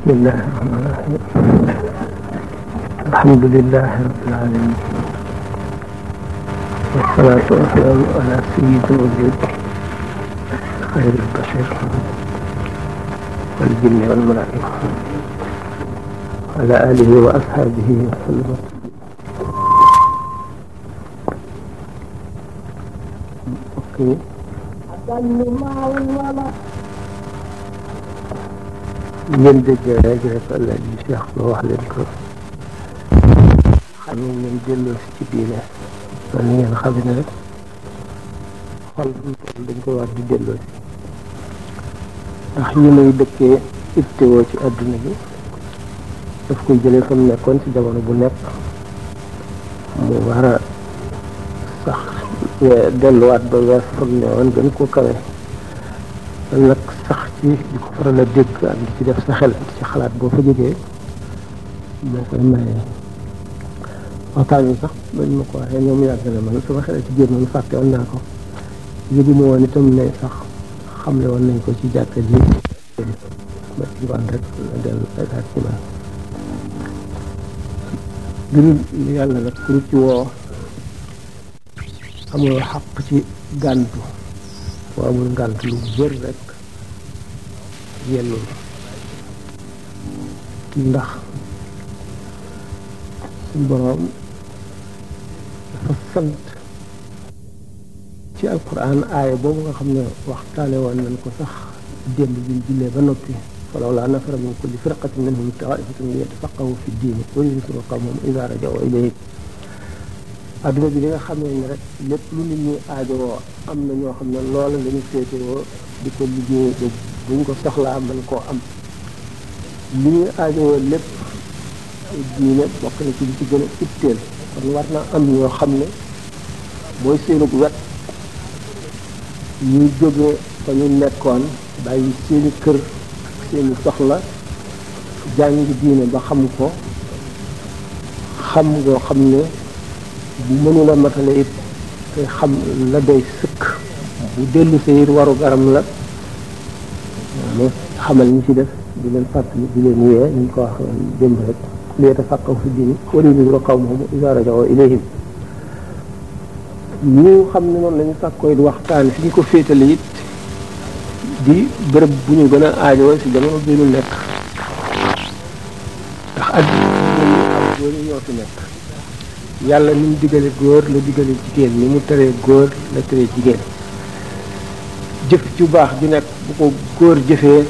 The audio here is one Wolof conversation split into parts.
بسم الله الرحمن الرحيم الحمد لله رب العالمين والصلاة والسلام على سيد الوجود خير البشر والجن والملائكة وعلى آله وأصحابه وسلم أوكي. ngeen dégg rajo laaj bi Cheikh ba wax leen ko xam ngeen ngeen delloo si ci diine loolu ngeen xam ne rek xol bu toll dañ ko war di delloo ndax ñu lay dëkkee ittewoo ci adduna bi daf koy jëlee fa nekkoon ci jamono bu nekk mu wara a sax eh, delluwaat ba wees fa mu ne gën koo kawe nag ci di ko faral dégg ak di ci def sa xel ak ci xalaat boo fa jógee moo koy maye waxtaan wi sax bañ ma ko waxee ñoom yàgg na man sama xel ci biir man fàtte naa ko yëgu ma woon itam ne sax ne woon nañ ko ci jàkka ji ma ci ngoon rek dellu ak ci ma gënul yàlla woo amul gàntu lu wër rek yellul ndax suñ boroom dafa sant ci alquran aaya boobu nga xam ne waxtaane woon nañ ko sax démb bi jullee ba noppi falawlaa nafara min kulli firqatin minhum taifatun liyatafaqahu fi diini wa yunziru qawmahum idaa rajau nga xam ne rek lépp lu nit ñuy aajowoo am na ñoo xam ne loola lañu féetewoo di ko liggéey buñ ko soxlaa mën koo am li ñu aajowoo lépp diine bokk na ci li ci gën a itteel kon war naa am yoo xam ne mooy seenug wet ñuy jóge fa ñu nekkoon bàyyi seeni kër ak seeni soxla jàngi diine ba xam ko xam ngoo xam ne bu mënula matale it te xam la doy sëkk bu dellu it waru garam la xamal ñu ci def di leen fàttali di leen yee ñu ko wax démb rek liyatafaqqahu fi diin wa liyunziru qawmahum izaa raja'uu ilayhim ñu xam ne noonu la ñu sàkkoo it waxtaan fi ñu ko féetale it di bërëb bu ñu gën a aajowoo si jamono bi ñu nekk ndax àddina am góor yi fi nekk yàlla ni mu digale góor la digale jigéen ni mu teree góor la teree jigéen jëf ju baax ju nekk bu ko góor jëfee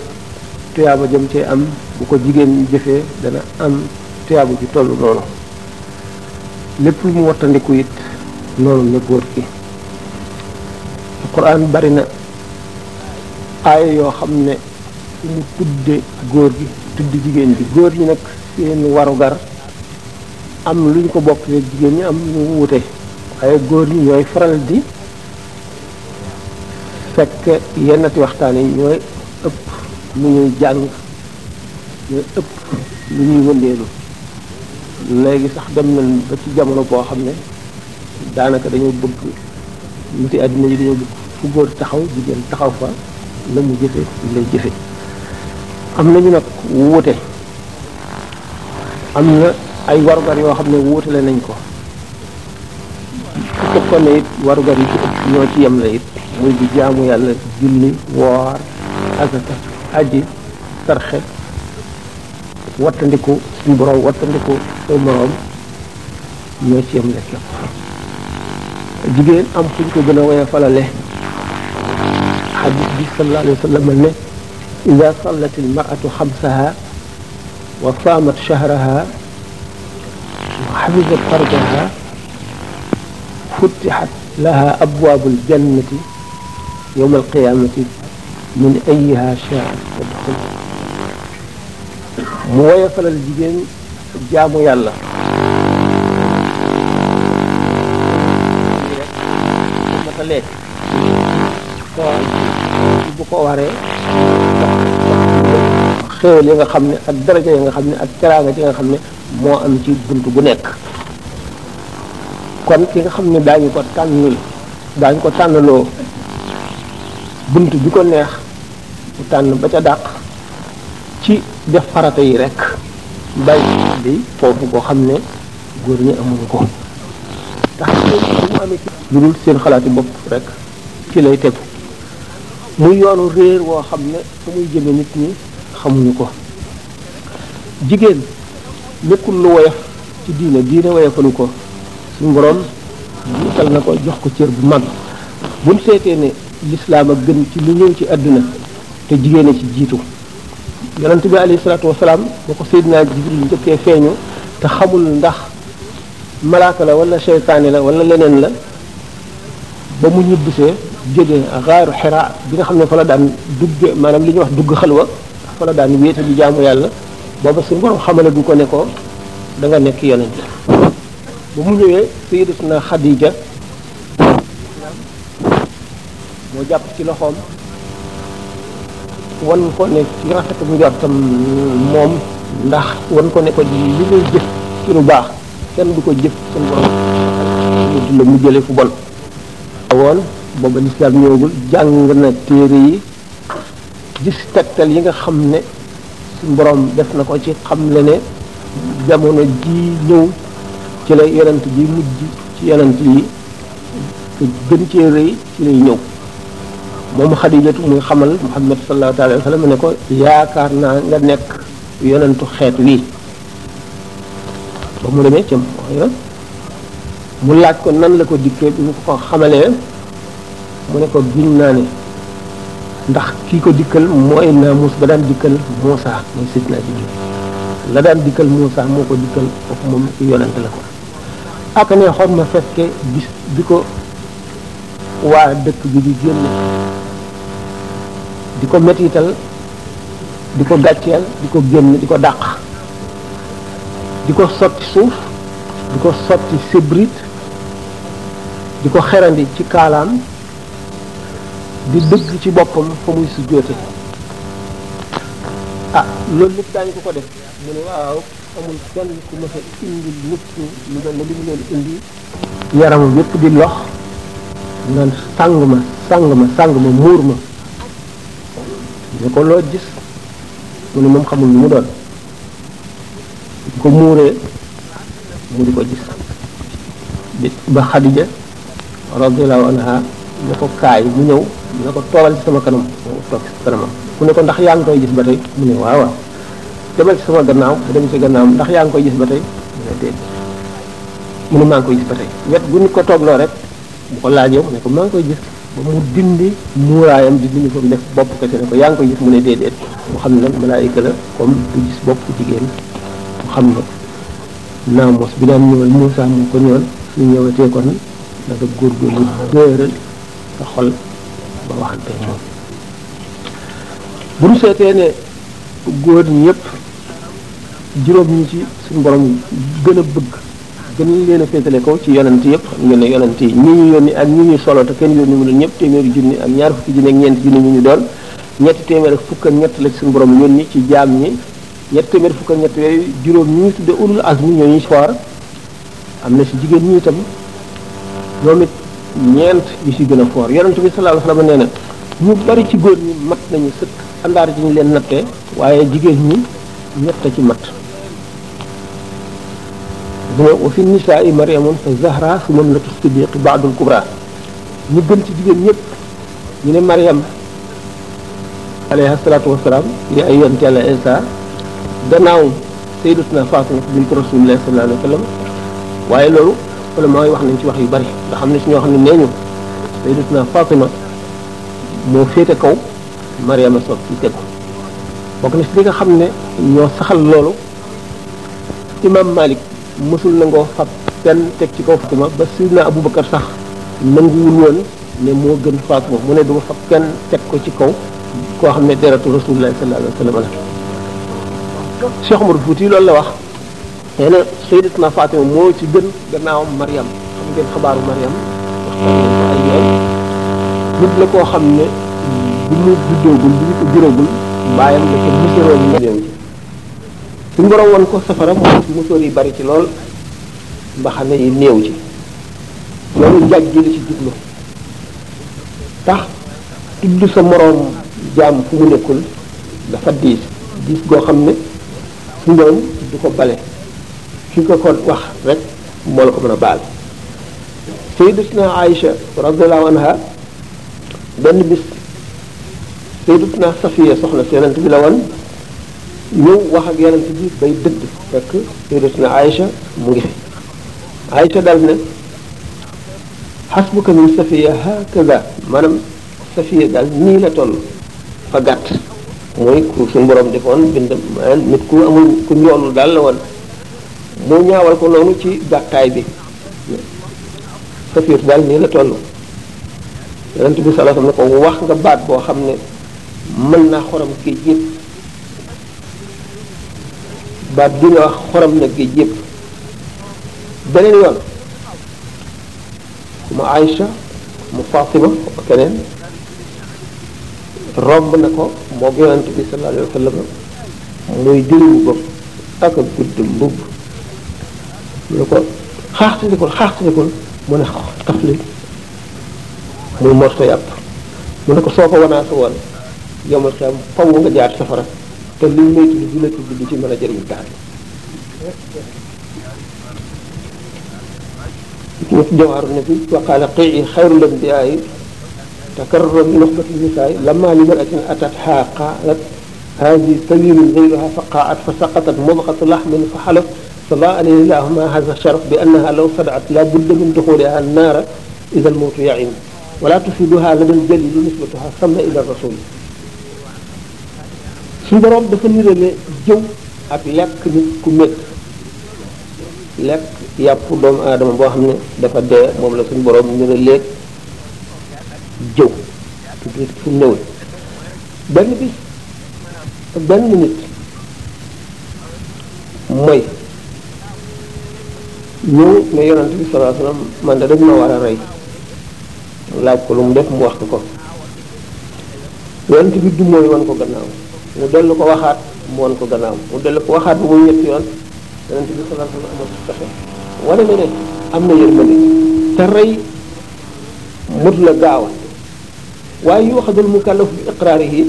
tuyaaba jëm cee am bu ko jigéen ñu jëfee dana am tuyaaba ju toll noonu lépp lu mu wattandiku it noonu la góor gi alquran bari na aaya yoo xam ne mu tudde góor gi tudd jigéen bi góor yi nag seen warugar am lu ñu ko bokk leeg jigéen ñi am lu wute waaye góor ñi ñooy faral di fekk yennati waxtaan yi ñooy mu ñuy jàng ñooy ëpp lu ñuy wëndeelu léegi sax dem na ba ci jamono boo xam ne daanaka dañoo bëgg niti àddina yi dañoo bëgg fu góor taxaw jigéen taxaw fa la mu jëfe lay jëfe am nañu nag wuute am na ay warugar yoo xam ne wuute wuutale nañ ko su ko ne it warugar yi ci ñoo ci yem la it muy bi jaamu yàlla julli woor asaka aji sarxe wattandiku suñu borom wattandiku sa morom ñoo ci yem lekk jigéen am fuñ ko gën a woye falale xadis bi sallallahu alayhi wa sallam ne ida sallat almaratu xamsaha wa saamat shahraha wa xafisat farjaha futixat laha abwaabu aljannati yowma alqiyamati min ayyiha shaa fadxul mu woyofalal jigéen jaamu yàlla mata bu ko waree xéewal yi nga xam ne ak daraja yi nga xam ne ak teraanga yi nga xam ne moo am ci bunt bu nekk kon ki nga xam ne daañu ko tànnul daañu ko tànnaloo bunt bi ko neex mu tànn ba ca dàq ci def farata yi rekk bàyyi bi foofu boo xam ne góor ñi amuñu ko tax bu mu amee ci lu dul seen xalaati bopp rek ci lay tegu muy yoonu réer woo xam ne fu muy jëme nit ñi xamuñu ko jigéen nekkul lu woyof ci diine diine woyofalu ko suñu boroom jiital na ko jox ko cër bu mag buñ seetee ne lislaam a gën ci lu ñëw ci àdduna te jigéen a ci jiitu yonent bi alayhi salaatu wasalaam boo ko Seydina Jibril njëkkee feeñu te xamul ndax malaaka la wala seytaane la wala leneen la ba mu ñibbisee jóge xaaru xira bi nga xam ne fa la daan dugge maanaam li ñuy wax dugg xalwa fa la daan wéete di jaamu yàlla booba suñu borom xamale du ko ne ko da nga nekk yonent ba mu ñëwee Sayyidatuna Xadija moo jàpp ci loxoom wan ko ne ci rafet njortam moom ndax wan ko ne ko li ngay jëf ci lu baax kenn du ko jëf seen borom mu la mu jële fu bon woon booba lislaam ñëwagul jàng na téere yi gis tegtal yi nga xam ne suñ borom def na ko ci xam la ne jamono ji ñëw ci la yonent ji mujj ci yonent yi te gën cee rëy ci lay ñëw moom xadijatu muy xamal muhammad sallallahu alayhi wa sallam ne ko yaakaar naa nga nekk yonentu xeet wii ba mu demee ca mu laaj ko nan la ko dikkee bi mu ko xamalee mu ne ko giñ naa ne ndax kii ko dikkal mooy muus ba daan dikkal Muusa mooy sidna Jibril la daan dikkal Muusa moo ko dikkal foofu moom yonent la ko ak ne xor ma fekke bi ko waa dëkk bi di génn di ko mettital di ko gàcceel di ko génn di ko dàq di ko sotti suuf di ko sotti sébrit di ko xerandi ci kaalaam di dëkk ci boppam fa muy sujjóote ah loolu lépp daañu ko ko def mu waaw amul kenn ku mës a indi nit ñi lu mel ne li mu leen indi yaramam yépp di lox naan sàng ma sàng ma sàng ma muur ma ñu ko loo gis mu ne moom xamul lu mu doon di ko muuree mu di ko gis ba Xadija radiyallahu anha ne ko kaay ñëw ko toogal ci sama kanam mu toog ndax yaa ngi koy gis ba tey mu ne waaw demal ci sama gannaaw mu dem ci gannaaw ndax yaa ngi koy gis ba tey mu ne déet mu ne maa ngi koy gis ba tey wet gu nit ko toogloo rek bu ko laajee mu ne ko maa ngi koy gis mu dindi muuraayam di dindi ko def bopp kese ne ko yaa ngi koy gis mu ne déedéet mu xam ne malaayika la comme du gis bopp jigéen mu xam ne naamos bi daan ñëwal Moussa moo ko ñëwal su ñëwatee kon da nga góorgóorlu dëëral sa xol ba waxante moom bu ñu seetee ne góor ñi yëpp juróom ñi ci suñu borom gën a bëgg gën leen a féetale kaw ci yonent yëpp xam ngeen ne yonent yi ñi ñu yónni ak ñi ñu solo te kenn yónni mu doon ñëpp téeméeri ak ñaar fukki junni ak ñeenti junni ñu ñu doon ñetti téeméer ak fukk ak ñett la ci suñu borom yónni ci jaam ñi ñetti téeméer fukk ak ñett yooyu juróom ñi ñu tudde ulul azmi ñooñu foor am na si jigéen ñi itam ñoom it ñeent ñu si gën a foor yonent bi sallallahu alayhi wa sallam nee ñu bari ci góor ñi mat nañu sëkk andaar ji ñu leen nattee waaye jigéen ñi ñett ci mat wa fi nisaai mariamun fa zahra su moom la tux siddiqi baadul kubra ñu gën ci jigéen ñëpp ñu ne mariam alayha salaatu wasalaam yi ay yonte yàlla isa gannaaw sayyidatuna fatima bint rasulillah sallallahu alayhi wa sallam waaye loolu ulama yi wax nañ ci wax yu bari xam ne si ñoo xam ne nee ñu sayyidatuna fatima moo féete kaw mariama soog ci tegu bokk na si xam ne ñoo saxal loolu imam malik mësul nangoo fab kenn teg ci kaw Fatima ba Seydina Aboubacar sax nanguwul woon ne moo gën Fatima mu ne duma fab kenn teg ko ci kaw koo xam ne deratu Rasulullah sallallahu alayhi wa sallam la Cheikh Omar loolu la wax nee na Seydatuna Fatima moo ci gën gannaawam Mariam xam ngeen xabaaru Mariam nit la koo xam ne bu ñu juddoogul bu ñu ko juróogul bàyyam la ca muséroon suñ borom ko safara mu musóor yi bari ci lool mbaxane yi néew ci loolu jaaj ji la ci jublu tax tudd sa moroom jaam fu mu nekkul dafa diis diis goo xam ne suñ borom du ko bale ki ko ko wax rek moo la ko mën a baal sayyidatuna Aïcha radiyallahu anha benn bis sayyidatuna Safiya soxna si yonent bi la woon ñëw wax ak yonent bi bay dëdd fekk sayyidatuna Aïcha mu ngi fi dal ne xasbuka min safiya hakaza maanaam safiya daal nii la toll fa gàtt mooy ku suñu borom defoon bind nit ku amul ku njoolul daal la woon mu ñaawal ko noonu ci gàttaay bi safiya daal nii la toll yonent bi salaam ne ko wax nga baat boo xam ne mën naa xorom kii yëpp baat bi wax xorom na géej yëpp beneen yoon mu Aïcha mu Fatima ak keneen romb na ko moo yonent bi sallallahu alayhi wa sallam muy jëriñu bopp ak a gudd mbubb mu ne ko xaaxtandikul xaaxtandikul mu ne tafli muy morso yàpp mu ne ko soo ko wanaasa woon yomal xiyam faw nga jaar safara te li ngay tudd du la tudd du ci mën a jëriñ dara jamaaru na fi waqaala qii xayrul anbiyaai takarrura min nuxbati nisaai lamma li maratin atathaa qaalat haadi tawiilun gayruha fa qaat fa saqatat mudqatu laxmin fa xalaf sala alayhi laahuma hada sharaf bi annaha law sadaat la budda min duxuliha naara ida almawtu yain wala tufiduha lada aljalilu nisbatuha sama ila rasuli suñu boroom dafa nirale jëw ak lekk nit ku métt lekk yàpp doomu aadama boo xam ne dafa dee moom la suñu borom niraleeg jëw tudd fu néwul benn bis benn nit mooy ñëw ne yonent bi sallallahu alayhi man de dañ ma war a rey laaj ko lu mu def mu wax ko ko yonent bi du mooy wan ko gannaaw mu dellu ko waxaat mu won ko gannaaw mu dellu ko waxaat bu muy ñetti yoon yonent bi sallallahu alayhi wa sallam amul pexe wane na ne am na yërmande te rey mut la gaaw waaye yuuxadul mukallaf bi iqraarihi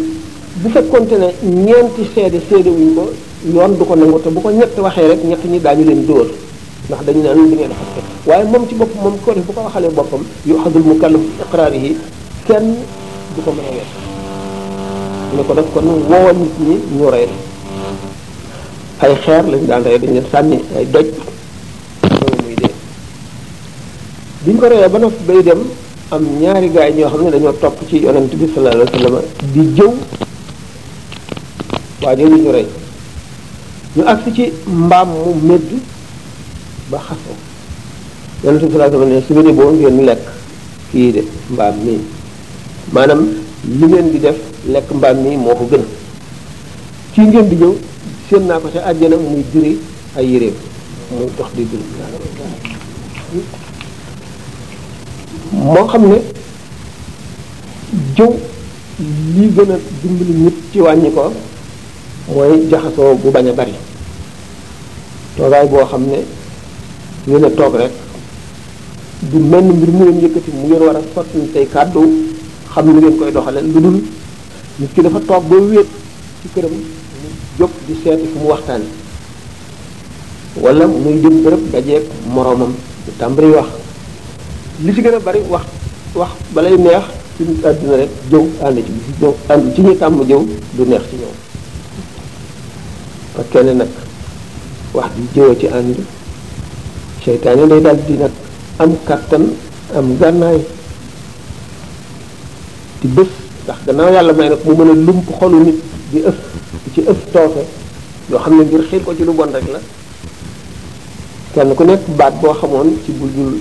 bu fekkonte ne ñeenti seede seede wuñ ko yoon du ko nangu te bu ko ñett waxee rek ñett ñi daañu leen dóor ndax dañu naan li ngeen xaste waaye moom ci bopp moom ko bu ko waxalee boppam yuuxadul mukallaf bi iqraarihi kenn du ko mën a wet ne ko def ko nu woowal nit ñi ñu rey ay xeer lañu daan rey dañu leen sànni ay doj loolu muy dee biñ ko reyee ba noppi bay dem am ñaari gaa yi ñoo xam ne dañoo topp ci yonent bi sallallahu alayhi wa sallam di jëw waa jooju ñu rey ñu agsi ci mbaam mu médd ba xaso yonent bi sallallahu alayhi wa sallam ne su ngeen boo ngeen lekk kii de mbaam nii maanaam li ngeen di def lekk mbaam mi moo ko gën kii ngeen di jëw séen naa ko ca àjjana muy diri ay yéreem muy dox di diri moo xam ne jëw li gën a dimbali nit ci wàññi ko mooy jaxasoo bu bañ a bari toogaay boo xam ne yéen a toog rek du mel ni mu leen yëkkati mu ngeen war a sotti tey kàddu xam ni ngeen koy doxale lu dul nit ki dafa toog ba wéet ci këram mu jóg di seeti fu mu waxtaane wala muy jëm bërëb dajeeg moroomam ñu wax li ci gën a bari wax wax balay neex ci àddina rek jëw ànd ci jëw tàmm jëw du neex ci ñoom parce que nag wax di jëwa ci ànd seytaane day daal di am kàttan am gànnaay ci bés ndax gannaaw yàlla may nag mu mën a lump xolu nit di ëf ci ëf toofe yoo xam ne ngir xiir ko ci lu bon rek la kenn ku nekk baat boo xamoon ci bu jul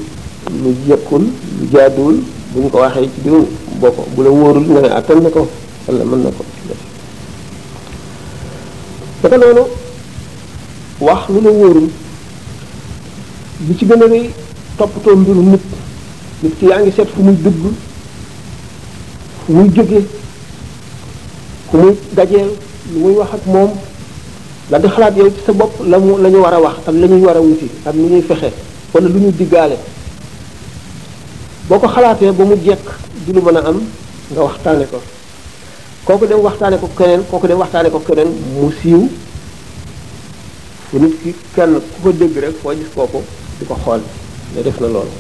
lu jëkkul lu jaaduwul bu ñu ko waxee ci diw boo ko bu la wóorul nga ne attan na ko walla mën na ko naka noonu wax lu la wóorul li ci gën a rëy toppatoo mbiru nit nit ki yaa ngi seet fu muy dugg muy jóge ku muy dajeel lu muy wax ak moom la nga xalaat yow ci sa bopp la mu la ñu war a wax ak la ñuy war a wuti ak lu ñuy fexe wala lu ñu diggaale boo ko xalaatee ba mu jekk du lu mën a am nga waxtaane ko kooku dem waxtaane ko keneen kooku dem waxtaane ko keneen mu siiw bu nit ki kenn ku ko dégg rek foo gis kooku di ko xool ne def na loolu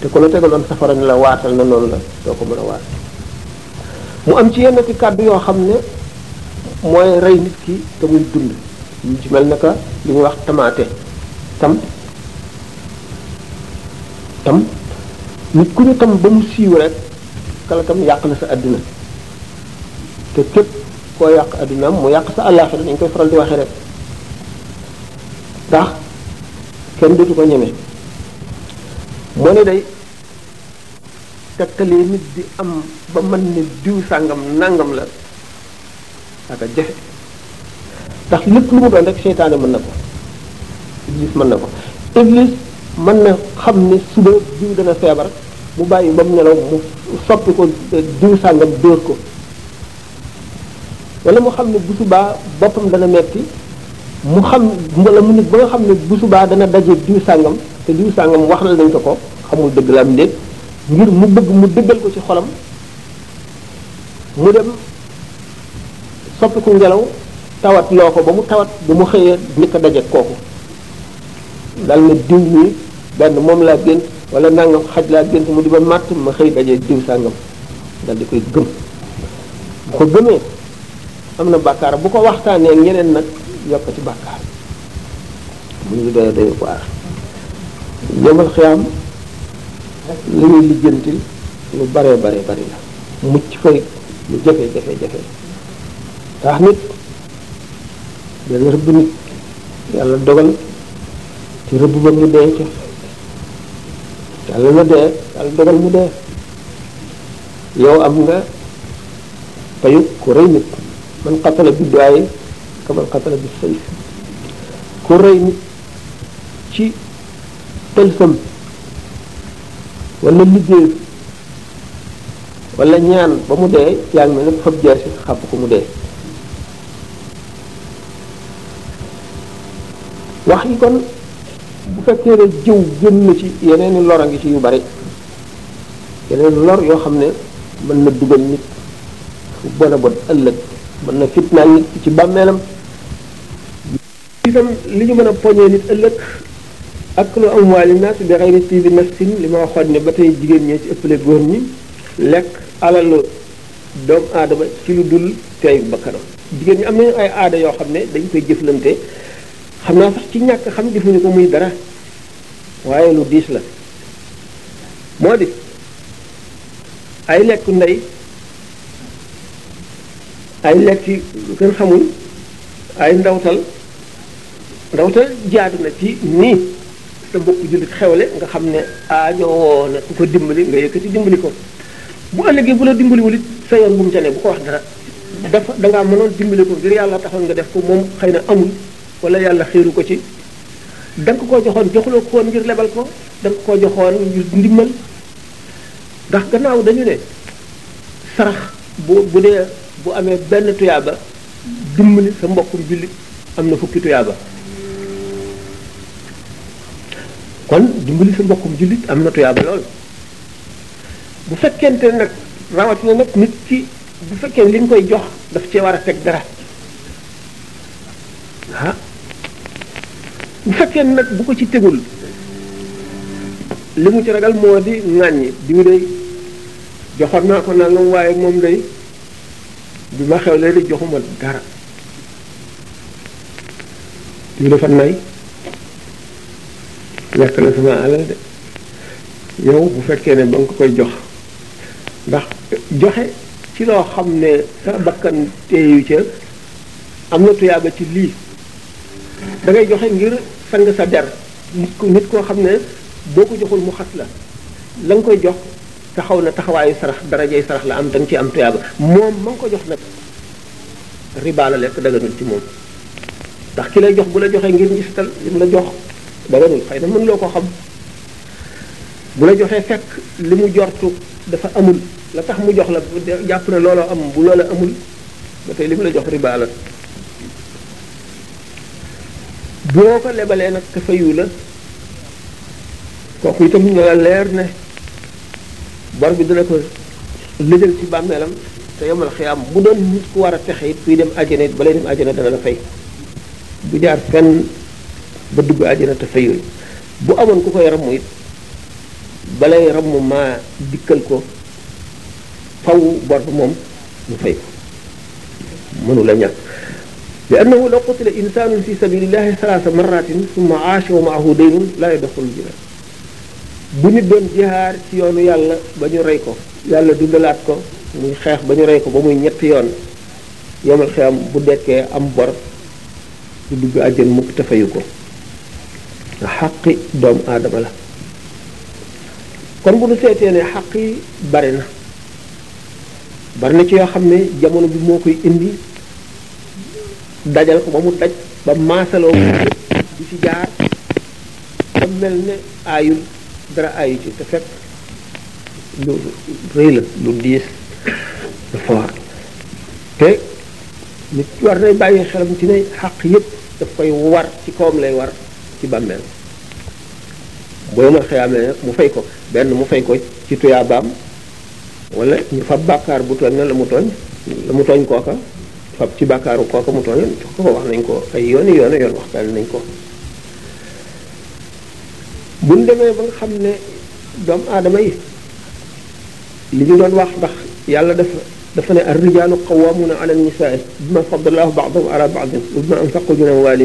te ku la tegaloon safara ni la waatal na loolu la doo ko mën a waat mu am ci yenn ci kàddu yoo xam ne mooy rey nit ki te muy dund ñu ci mel naka li ñuy wax tamaate tam tam nit ku ñu tam ba mu siiw rek kala tam yàq na sa àddina te képp koo yàq àddinaam mu yàq sa àllaaxira dañ koy faral di waxee rek ndax kenn dootu ko ñeme moo ne day tegtalee nit di am ba mën ni diw sàngam nàngam la aka jafe ndax lépp lu mu doon rek seytaane mën na ko iblis mën na ko iblis mën xam ne suba diw dana feebar mu bàyyi ba mu nelaw mu soppi ko eh, diw sàngam dóor ko wala mu xam ne bu subaa boppam dana metti mu xam wala mu nit ba nga xam ne bu subaa dana daje diw sàngam te diw sàngam wax la nañ ko ko xamul dëgg la am déet ngir mu bëgg mu dëggal ko ci xolam mu dem soppiku ngelaw tawat loo ko ba mu tawat bu mu xëyee ni ko daje kooku dal na diw mi benn moom laa gént wala nangam xaj laa gént mu di ba màtt ma xëy daje diw sàngam dal di koy gëm bu ko gëmee am na bàkkaar bu ko waxtaanee ak nag yokk ci bàkkaar mu ngi doy doy waar yëmal xiyaam li ñuy lijjantil lu bare bare bari la mucc fay lu jafe jafe jafe tax nit benn rëbb nit yàlla dogal ci rëbb ba mu dee ca yàlla na dee yàlla dogal mu dee yow am nga payu ku rëy nit man xatala bi doy ka man xatala bi ku rëy nit ci tëlsam wala liggéey wala ñaan ba mu dee yaa ngi mel ne fab xàpp ko mu dee wax yi kon bu fekkee ne jëw génn ci yeneen lor a ngi ci yu bari yeneen lor yoo xam ne mën na dugal nit fu bon a bon ëllëg mën na fitnaal nit ci bàmmeelam itam li ñu mën a poñe nit ëllëg aklu amwaali naas bi xayri tiibi nafsin li ma waxoon ne ba tey jigéen ñee ci ëppale góor ñi lekk alalu doomu aadama ci lu dul teeyu bakkanam jigéen ñi am nañu ay aada yoo xam ne dañ koy jëflante xam naa sax ci ñàkk xam jëfuñu ko muy dara waaye lu diis la moo di ay lekku ndey ay lekk yi kenn xamul ay ndawtal ndawtal jaadu na ci nii sa mbokk jullit xewle nga xam ne aajowoo na ku ko dimbali nga yëkkati dimbali ko bu ëllëgee bu la dimbaliwul it sa yoon bu mu ca ne bu ko wax dara dafa dangaa mënoon dimbali ko ngir yàlla taxoon nga def ko moom xëy na amul wala yàlla xiiru ko ci da ko koo joxoon joxuloo ko ngir lebal ko da nga koo joxoon ngir ndimbal ndax gannaaw dañu ne sarax bu bu dee bu amee benn tuyaaba dimbali sa mbokkum jullit am na fukki tuyaaba kon dimbali sa mbokkum jullit am na tuyaaba lool bu fekkente nag rawatina nag nit ki bu fekkee li ñu koy jox daf cee war a teg dara ah bu fekkee nag bu ko ci tegul li mu ci ragal moo di ŋàññi diw day joxoon naa ko nangam waaye moom day bi ma xew lee di joxuma dara diw dafa nay lekk na sama alal de yow bu fekkee ne ba nga ko koy jox ndax joxe ci loo xam ne sa bakkan teeyu ca am na tuyaaba ci lii dangay joxe ngir sang sa der nit koo xam ne boo ko joxul mu xat la la nga koy jox taxaw na taxawaayu sarax darajay sarax la am da ci am tuyaaba moom ma nga ko jox nag riba lekk daganul ci moom ndax ki lay jox bu la joxee ngir ngistal li la jox ba warul xëy na mën loo ko xam bu la joxee fekk li mu jortu dafa amul la tax mu jox la bu jàpp ne looloo am bu loola amul ba tey la jox riba la boo ko lebalee nag te fayu la kooku itam na la leer ne bor bi dana ko lëjal ci bàmmeelam te yomal xiyaam bu doon nit ku war a texe it kuy dem àjjana it balay dem àjjana dana la fay bu jaar fenn ba dugg àjjana te fayooyu bu amoon ku koy ramm it balay ramm maa dikkal ko faw bor moom mu fay ko mënu la ñàkk li annahu law qutila insanun fi sabilillahi salaasa marratin summa aasha wa maahu daynun laa yadxulu bu nit doon jihaar ci yoonu yàlla ba ñu rey ko yàlla dundalaat ko muy xeex ba ñu rey ko ba muy ñetti yoon yomal xiyam bu dekkee am bor du dugg àjjan mukk te fayu ko xaqi doomu aadama la kon bu nu seetee ne xaq yi bari na bari ci yoo xam ne jamono bi moo koy indi dajal ko ba mu daj ba maasaloo di ci jaar ba mel ne aayul dara aayu ci te fekk lu rëy la lu diis lu foor te nit war nay bàyyi xelam ci ne xaq yépp daf koy war ci kawam lay war ci bàmmeel bu yomal mu fay ko benn mu fay ko ci tuyaabaam wala ñu fab bàkkaar bu tooñ na la mu tooñ la mu tooñ kooka fab ci bàkkaaru kooka mu tooñ ko wax nañ ko ay yooni yooni yoon waxtaan nañ ko buñ demee ba nga xam ne doomu aadama yi li ñu doon wax ndax yàlla dafa dafa ne ar rijaalu qawwaamuuna am nisaa bima faddala llaahu ba'dahum ala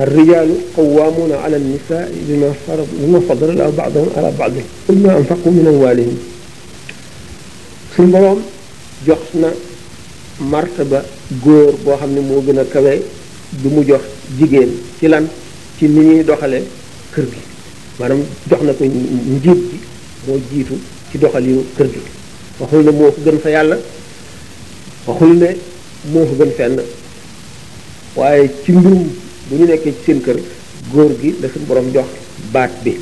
الرجال قوامون على النساء بما فرض بما فضل الله بعضهم على بعض وبما أنفقوا من أموالهم suñ boroom jox na martaba góor boo xam ne moo gën a kawe du mu jox jigéen ci lan ci ni ñuy doxale kër gi maanaam jox na ko njiit gi moo jiitu ci doxalinu kër gi waxul ne moo ko gën fa yàlla waxul ne moo ko gën fenn waaye ci mbirum bu ñu nekkee ci seen kër góor gi la suñu borom jox baat bi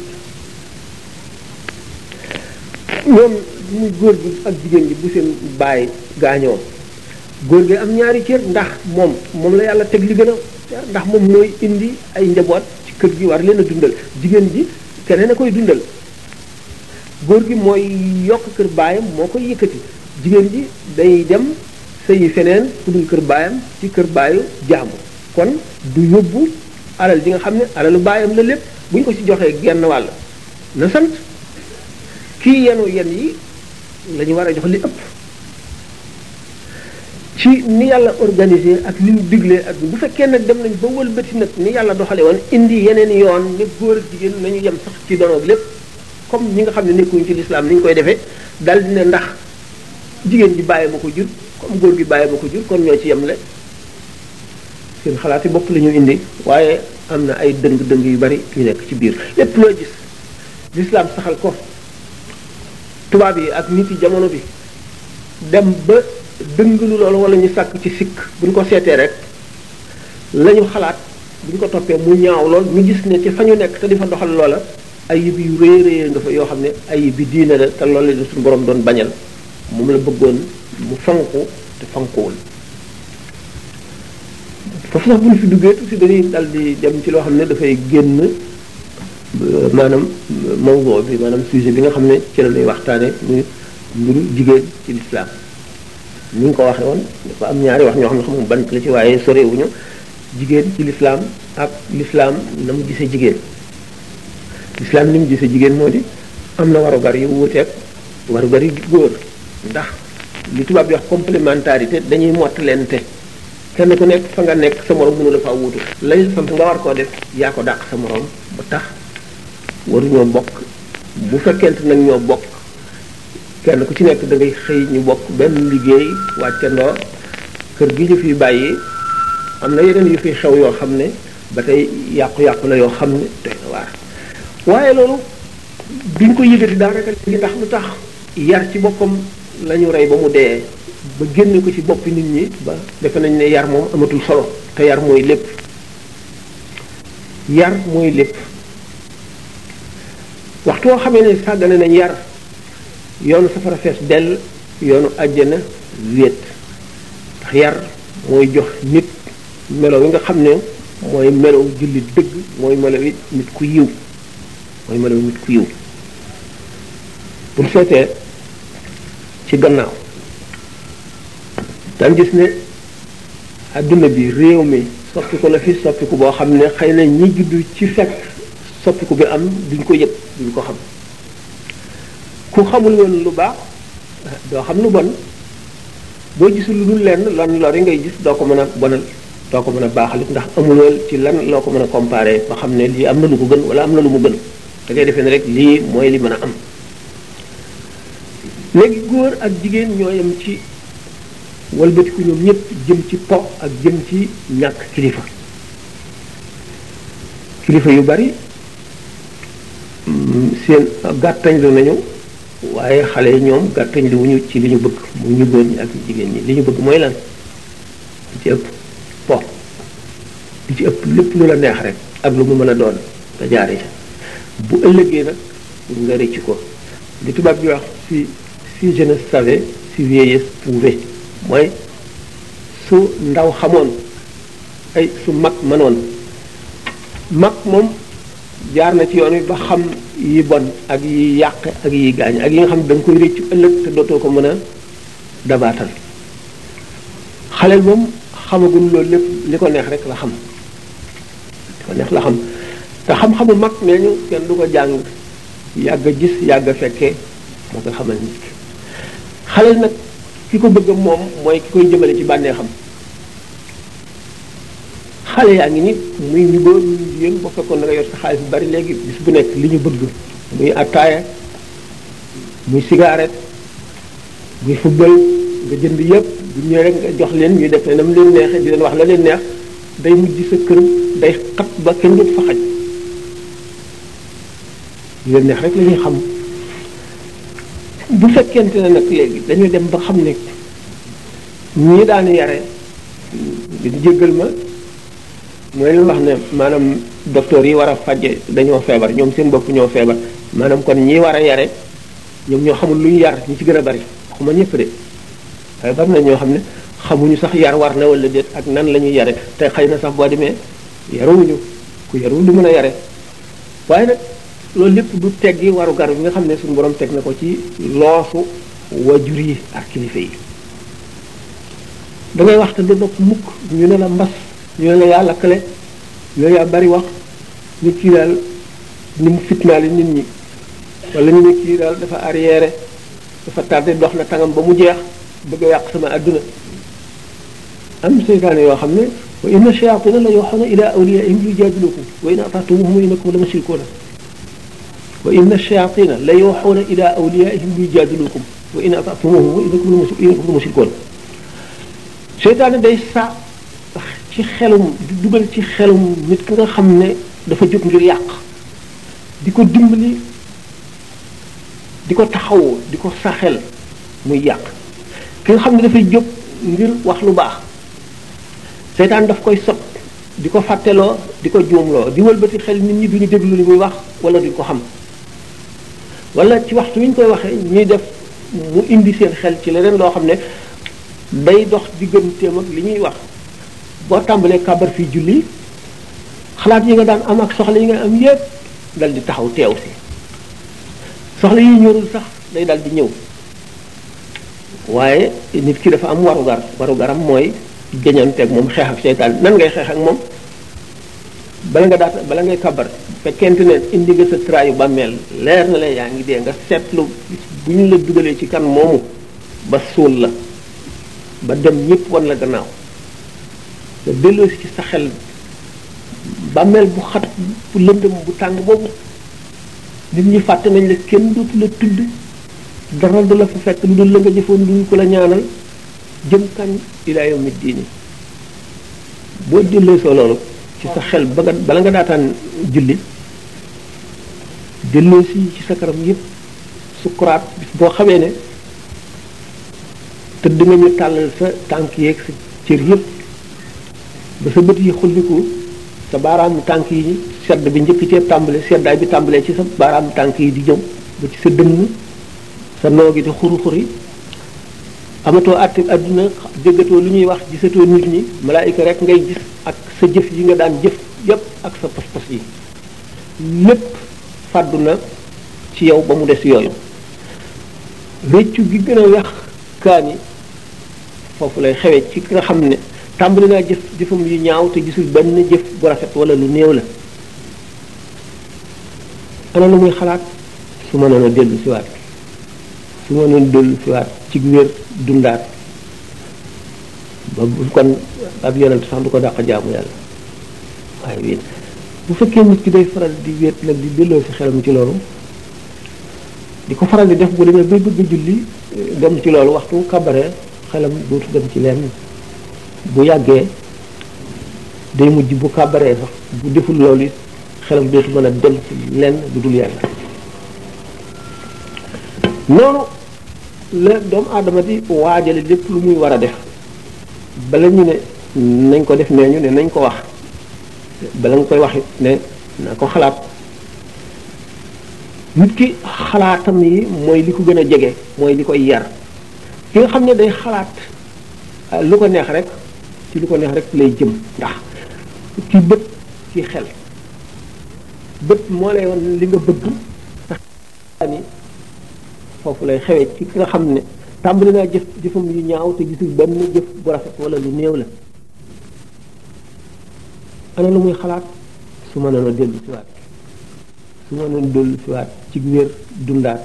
ñoom muy góor gi ak jigéen gi bu seen baay gaañoo góor gi am ñaari cër ndax moom moom la yàlla teg li gën a ndax moom mooy indi ay njaboot ci kër gi war leen a dundal jigéen ji keneen a koy dundal góor gi mooy yokk kër baayam moo koy yëkkati jigéen ji day dem sëyi feneen ku dul kër baayam ci kër baayu jaamu kon du yóbbu alal ji nga xam ne alalu baayam la lépp bu ñu ko ci joxee genn wàll na sant kii yenu yen yi la war a jox li ëpp ci ni yàlla organisé ak li mu diglee ak bu fekkee nag dem nañ ba wëlbati nag ni yàlla doxale woon indi yeneen yoon ne góor ak jigéen nañu yem sax ci donoog lépp comme ñi nga xam ne nekkuñ ci lislaam ni ñu koy defee dal ne ndax jigéen ji bàyyi ma ko jur comme góor bi bàyyi ma ko jur kon ñoo ci yemle xalaat yi bopp lañu indi waaye am na ay dëng-dëng yu bari yu nekk ci biir lépp loo gis lislaam saxal ko tubaab yi ak nit yi jamono bi dem ba lu loolu wala ñu sàkk ci sikk bu ñu ko seetee rek la ñu xalaat bu ñu ko toppee mu ñaaw lool ñu gis ne ci fa ñu nekk te di fa doxal loola ayib yu rëy rëy nga fa yoo xam ne ayib yi diine la te loolu la suñu borom doon bañal moom la bëggoon mu fanku te fankuwul foofu sax bu ñu fi duggee tuuti dañuy dal di dem ci loo xam ne dafay génn euh, maanaam euh, mawduu bi maanaam sujet bi nga xam ne ci la ñuy waxtaane muy mbiru jigéen ci lislaam ni ñu ko waxee woon dafa am ñaari wax ñoo xam ne xamul ban la ci waaye sorewuñu jigéen ci lislaam ak lislaam na mu gisee jigéen lislaam ni mu gisee jigéen moo di am na warugar yu wuuteeg warugar yu góor ndax li tubaab di wax complémentarité dañuy mottalente kenn ku nekk fa nga nekk sa morom mënu la faa wuutu lañ sant nga war koo def yaa ko dàq sa moroom bu tax waruñoo bokk bu fekkente nag ñoo bokk kenn ku ci nekk da ngay xëy ñu bokk benn liggéey wàccandoo kër gi ñu fi bàyyi am na yeneen yu fi xew yoo xam ne ba tey yàqu-yàqu la yoo xam ne doy na waar waaye loolu duñ ko yëgati daanaka li tax lu tax yar ci boppam lañu ñu rey ba mu dee ba génne ko ci boppi nit ñi ba defe nañ ne yar moom amatul solo te yar mooy lépp yar mooy lépp waxtu woo xamee ne sàggane nañ yar yoonu safara fees dell yoonu àjjana wéet ndax yar mooy jox nit melo yi nga xam ne mooy melo jullit dëgg mooy melo nit ku yiw mooy melo yi nit ku yiw bu seetee ci gannaaw daan gis ne adduna bi réew mi soppiku na fi soppiku boo xam ne xëy nañ ñi juddu ci fekk soppiku bi am duñ ko yëg duñ ko xam ku xamul woon lu baax doo xam lu bon boo gisul lu dul lenn lan lori ngay gis doo ko mën a bonal doo ko mën a baaxal ndax amul woon ci lan loo ko mën a comparé ba xam ne lii am na lu ko gën wala am na lu mu gën da ngay defee ne rek lii mooy li mën a am léegi góor ak jigéen ñoo yem ci. walbatiku ñoom ñëpp jëm ci po ak jëm ci ñàkk kilifa kilifa yu bari mm, seen gàttañ lu nañu waaye xale yi ñoom gàttañ lu wuñu ci li ñu bëgg mu ñu góor ñi ak jigéen ñi li ñu bëgg mooy lan li ci ëpp po li ci ëpp lépp lu la neex rek ak lu mu mën a doon nga jaare bu ëllëgee nag nga rëcc ko li tubaab bi wax si ci jeunesse savait si vieillesse pouvait mooy su ndaw xamoon ay su mag mënoon mag moom jaar na ci yoon wi ba xam yi bon ak yi yàq ak yi gaañ ak yi nga xam ne da nga koy réccu ëllëg te dootoo ko mën a dabaatal xaleel moom xamagul loolu lépp li ko neex rek la xam li ko neex la xam te xam-xamu mag nee ñu kenn du ko jàng yàgg a gis yàgg a fekkee moo koy xamal nit xaleel nag ki ko bëgg moom mooy ki koy jëmale ci bànneexam xale yaa ngi nit muy ñu góor ñu jigéen boo fekkoon da yor sa xaalis bu bari léegi bis bu nekk li ñu bëgg muy attaaya muy cigarette muy football nga jënd yëpp bu ñëwee rek nga jox leen ñuy def ne nam leen neexee di leen wax la leen neex day mujj sa kër day xat ba kenn du fa xaj leen neex rek lañuy xam bu fekkente ne nag léegi dañuy dem ba xam ne ñii daan yare di ma mooy lu wax ne maanaam docteur yi war a fajje dañoo feebar ñoom seen bopp ñoo feebar maanaam kon ñii war a yare ñoom ñoo xamul lu ñu yar ñi ci gën a bari waxuma ñëpp de waaye bari na ñoo xam ne xamuñu sax yar war na wala déet ak nan la ñuy yare te xëy na sax boo demee yaruwuñu ku yaru lu mën a yare waaye nag loolu lépp du teggi waru garu bi nga xam ne suñu borom teg na ko ci loosu wajur yi ak kilifa yi da ngay wax te du nopp mukk ñu ne la mbas ñu ne la yàlla lakkale ñu ne yaa bari wax nit kii daal ni mu fitnaale nit ñi wala ñu ne kii daal dafa arrière dafa tardé dox na tangam ba mu jeex bëgg yàq sama àdduna am seytaane yoo xam ne wa inna shayatina la yuhuna ila awliyaihim yujaadilukum wa in ata'tumuhum innakum la mushrikuuna wa inna shayatina la yuuxuuna ila awliyaihim lijaadilukum wa in atatumuhum wa innakum la mushrikoon seytaane day sa ci xelum di dugal ci xelum nit ki nga xam ne dafa jóg ngir yàq di ko dimbali di ko taxawoo di ko saxel muy yàq ki nga xam ne dafay jóg ngir wax lu baax seytaan daf koy sot di ko fàtteloo di ko juumloo di walbati xel nit ñi duñu déglu li muy wax wala duñ ko xam wala ci waxtu wi ñu koy waxee ñuy def mu indi seen xel ci leneen loo xam ne day dox digganteem ak li ñuy wax boo tàmbalee kàbbar fii julli xalaat yi nga daan am ak soxla yi nga am yépp dal di taxaw teew si soxla yi ñorul sax day dal di ñëw waaye nit ki dafa am warugar warugaram mooy jañanteeg moom xeex ak seytaan nan ngay xeex ak moom bala nga daata bala ngay kabar fekkente ne indi nga sa traayu bàmmeel leer na la yaa ngi dee nga seetlu bu ñu la dugalee ci kan moomu ba suul la ba dem ñëpp wan la gannaaw nga delloosi ci sa xel bàmmeel bu xat bu lëndëm bu tàng boobu nit ñi fàtte nañ la kenn dootu la tudd dara du la fa fekk lu la nga jëfoon duñ ko la ñaanal jëm kañ ilaa yawmi diini boo delloo soo ci sa xel ba nga bala nga daataan julli delloo si ci sa karam yëpp sukuraat bis boo xamee ne tëdd nga ñu tàllal sa tànk yeeg sa cër yëpp ba sa bët yi xulliku sa baaraamu tànk yi sedd bi njëkk cee tàmbalee seddaay bi tàmbalee ci sa baaraamu tànk yi di jëm ba ci sa dënn sa noo gi di xuru-xuri amatoo àtte adduna lu ñuy wax gisatoo nit ñi malaayika rek ngay gis ak sa jëf yi nga daan jëf yépp ak sa pas-pas yi lépp fàddu na ci yow ba mu des yooyu réccu gi gën a wex kaani foofu lay xewee ci ki nga xam ne tàmbali naa jëf jëfam yu ñaaw te gisul benn jëf bu rafet wala lu néew la ana lu muy xalaat su mënoon a dellu siwaat su mënoon dellu siwaat ci wér dundaat ba kon ab yonent sax du ko dàq jaamu yàlla waaye wéet bu fekkee nit ki day faral di wéet nag di delloo si xelam ci loolu di ko faral di def bu demee bay bëgg julli eh, dem ci loolu waxtu kabare xelam dootu dem ci lenn bu yàggee day mujj bu kabaree bu deful loolu it xelam dootu mën a dem ci lenn lu dul yàlla noonu la doomu aadama di waajale lépp lu muy war a def bala ñu ne nañ ko def nee ñu ne nañ ko wax bala nga koy wax ne na ko xalaat nit ki xalaatam yi mooy li ko gën a jege mooy li koy yar ki nga xam ne day xalaat lu ko neex rek ci lu ko neex rek lay jëm ndax ci bët ci xel bët moo lay won li nga bëgg tax foofu lay xewee ci ki nga xam ne tàmbali naa jëf jëfam yu ñaaw te gisul benn jëf bu rafet wala lu néew la ana lu muy xalaat su ma noonu dellu siwaat su ci wér dundaat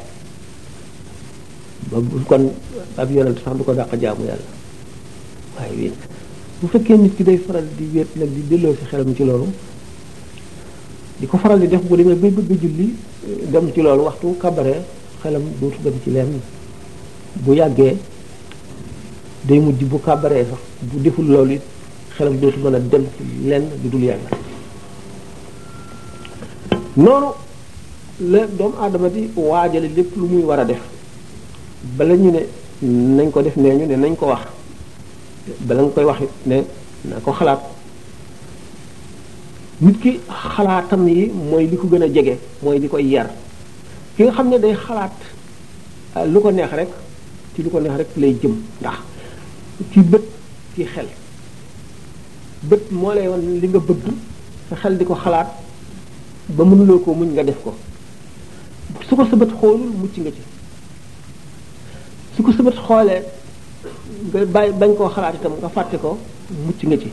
ba kon ab yonent sax du ko dàq jaamu yàlla waaye wéet bu fekkee nit ki day faral di wéet nag di delloo si xelam ci loolu di ko faral di def bu demee bay bëgg julli dem ci loolu waxtu kabare xelam dootu dem ci lenn bu yàggee day mujj bu kàbbaree sax bu deful loolu it xelam dootu mën a dem ci lenn lu dul yàlla noonu la doomu aadama di waajale lépp lu muy war a def bala ñu ne nañ ko def nee ñu ne nañ ko wax bala nga koy wax ne na ko xalaat nit ki xalaatam yi mooy li ko gën a jege mooy li koy yar ki nga xam ne day xalaat lu ko neex rek ci lu ko neex rek lay jëm ndax ci bët ci xel bët moo lay wan li nga bëgg sa xel di ko xalaat ba mënuloo ko muñ nga def ko su ko sa bët xoolul mucc nga ci su ko sa bët xoolee nga bàyyi bañ koo xalaat itam nga fàtte ko mucc nga ci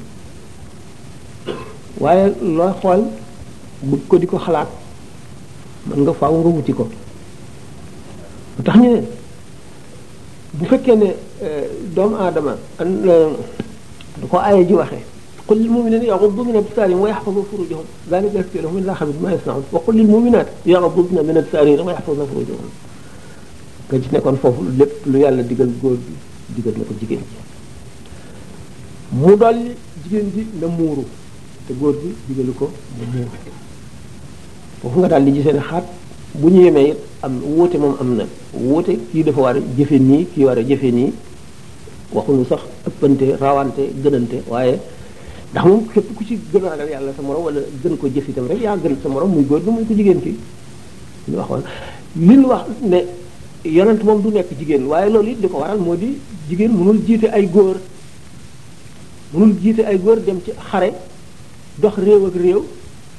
waaye looy xool bugg ko di ko xalaat mën nga faaw nga wuti ko lu tax ñu ne bu fekkee ne euh, doomu aadama euh, du ko aaya ji waxee qul lil muminina yaghuddu min absarihim wa yahfazu furujahum dhalika yazki lahum illa xabit ma yasnaun wa qul lil muminat yaghuddu min absarihim wa yahfazu furujahum nga gis ne kon foofu lépp lu yàlla digal góor bi digal na ko jigéen ji mu dolli jigéen ji na muuru te góor bi digalu ko mu muuru foofu nga daal di gisee ne xaat bu ñu yemee it am wóote moom am na wóote kii dafa war a jëfe nii kii war a jëfe nii waxuñu sax ëppante rawante gënante waaye ndax moom képp ku ci gën a yàlla sa morom wala gën ko jëf itam rek yaa sa moroom muy góor mu muy ko jigéen ki ñu waxoon liñ wax ne yonent moom du nekk jigéen waaye loolu it di ko waral moo di jigéen mënul jiite ay góor mënul jiite ay góor dem ci xare dox réew ak réew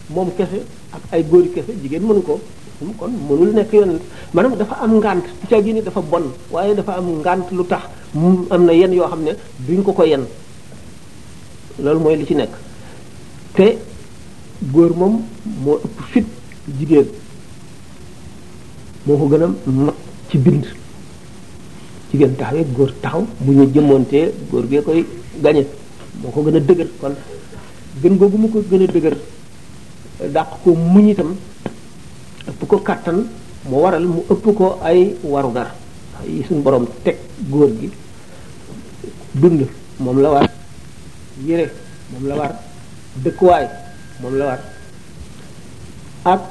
moom kese ak ay góori kese jigéen mënu ko kon mënul nekk yonent maanaam dafa am ngànt bu caa dafa bon waaye dafa am ngànt lu tax mu am na yenn yoo xam ne duñ ko ko yenn loolu mooy li ci nekk te góor moom moo ëpp fit jigéen moo ko gën a mag ci bind jigéen taxawee góor taxaw bu ñu jëmmoontee góor gee koy gañe moo ko gën a dëgër kon gën googu mu ko gën a dëgër dàq ko muñ itam ëpp ko kàttan mu waral mu ëpp ko ay warugar yi suñ borom teg góor gi dund moom la war yére moom la war dëkkuwaay moom la war ak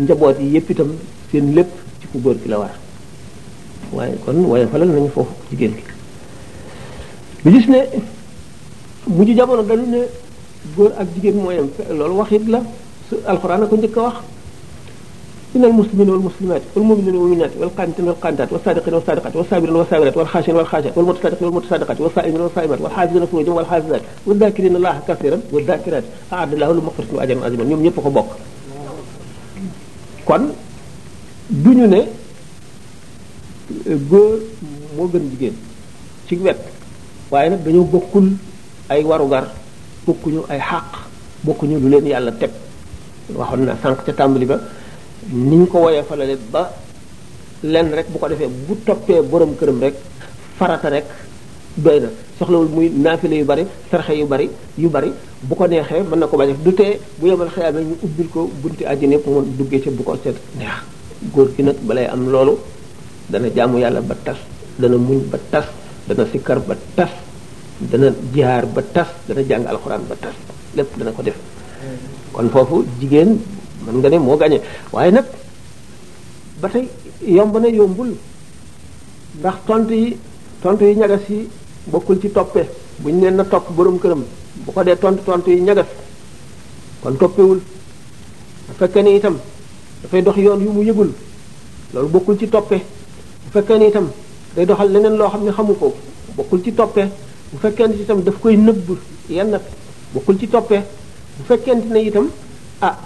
njaboot yi yépp itam seen lépp ci ku góor gi la war waaye kon waaye falal nañu foofu jigéen gi ñu gis ne mujj jamono dañu ne góor ak jigéen mooy am loolu waxit la su alxuraan a ko njëkk a wax إن المسلمين والمسلمات والمؤمنين والمؤمنات والقانتين والقانتات والصادقين والصادقات والصابرين والصابرات والخاشعين والخاشعات والمتصدقين والمتصدقات والصائمين والصائمات والحافظين فروجهم والحافظات والذاكرين الله كثيرا والذاكرات أعد الله لهم مغفرة وأجرا عظيما ñoom ñëpp ko bokk kon du ñu ne góor moo gën jigéen ci wet waaye nag dañoo bokkul ay warugar bokkuñu ay xàq bokkuñu lu leen yàlla teg waxoon na sànq ca tàmbali ba ni ñu ko woyee falale ba lenn rek bu ko defee bu toppee borom këram rek farata rek doy na soxlawul muy naafile yu bari sarxe yu bari yu bari bu ko neexee mën na ko bañ a def du tee bu yemal xëyaamee ñu ubbil ko bunti àjjana yëpp mu duggee ca bu ko set neex góor gi nag balay am loolu dana jàmm yàlla ba tas dana muñ ba tas dana sikkar ba tas dana jihaar ba tas dana jàng alxuraan ba tas lépp dana ko def mm-hmm. kon foofu jigéen mën nga ne moo gagné waaye nag ba tey yomb na yombul ndax tontu yi tont yi ñagas yi bokkul ci toppe buñ leen na topp borom këram bu ko dee tont tontu yi ñagas kon toppewul bu fekkee ni itam dafay dox yoon yu mu yëgul loolu bokkul ci toppe bu fekkee ni itam day doxal leneen loo xam ne xamu ko bokkul ci toppe bu fekkente ni itam daf koy nëbb yenn bokkul ci toppe bu fekkente ne itam ah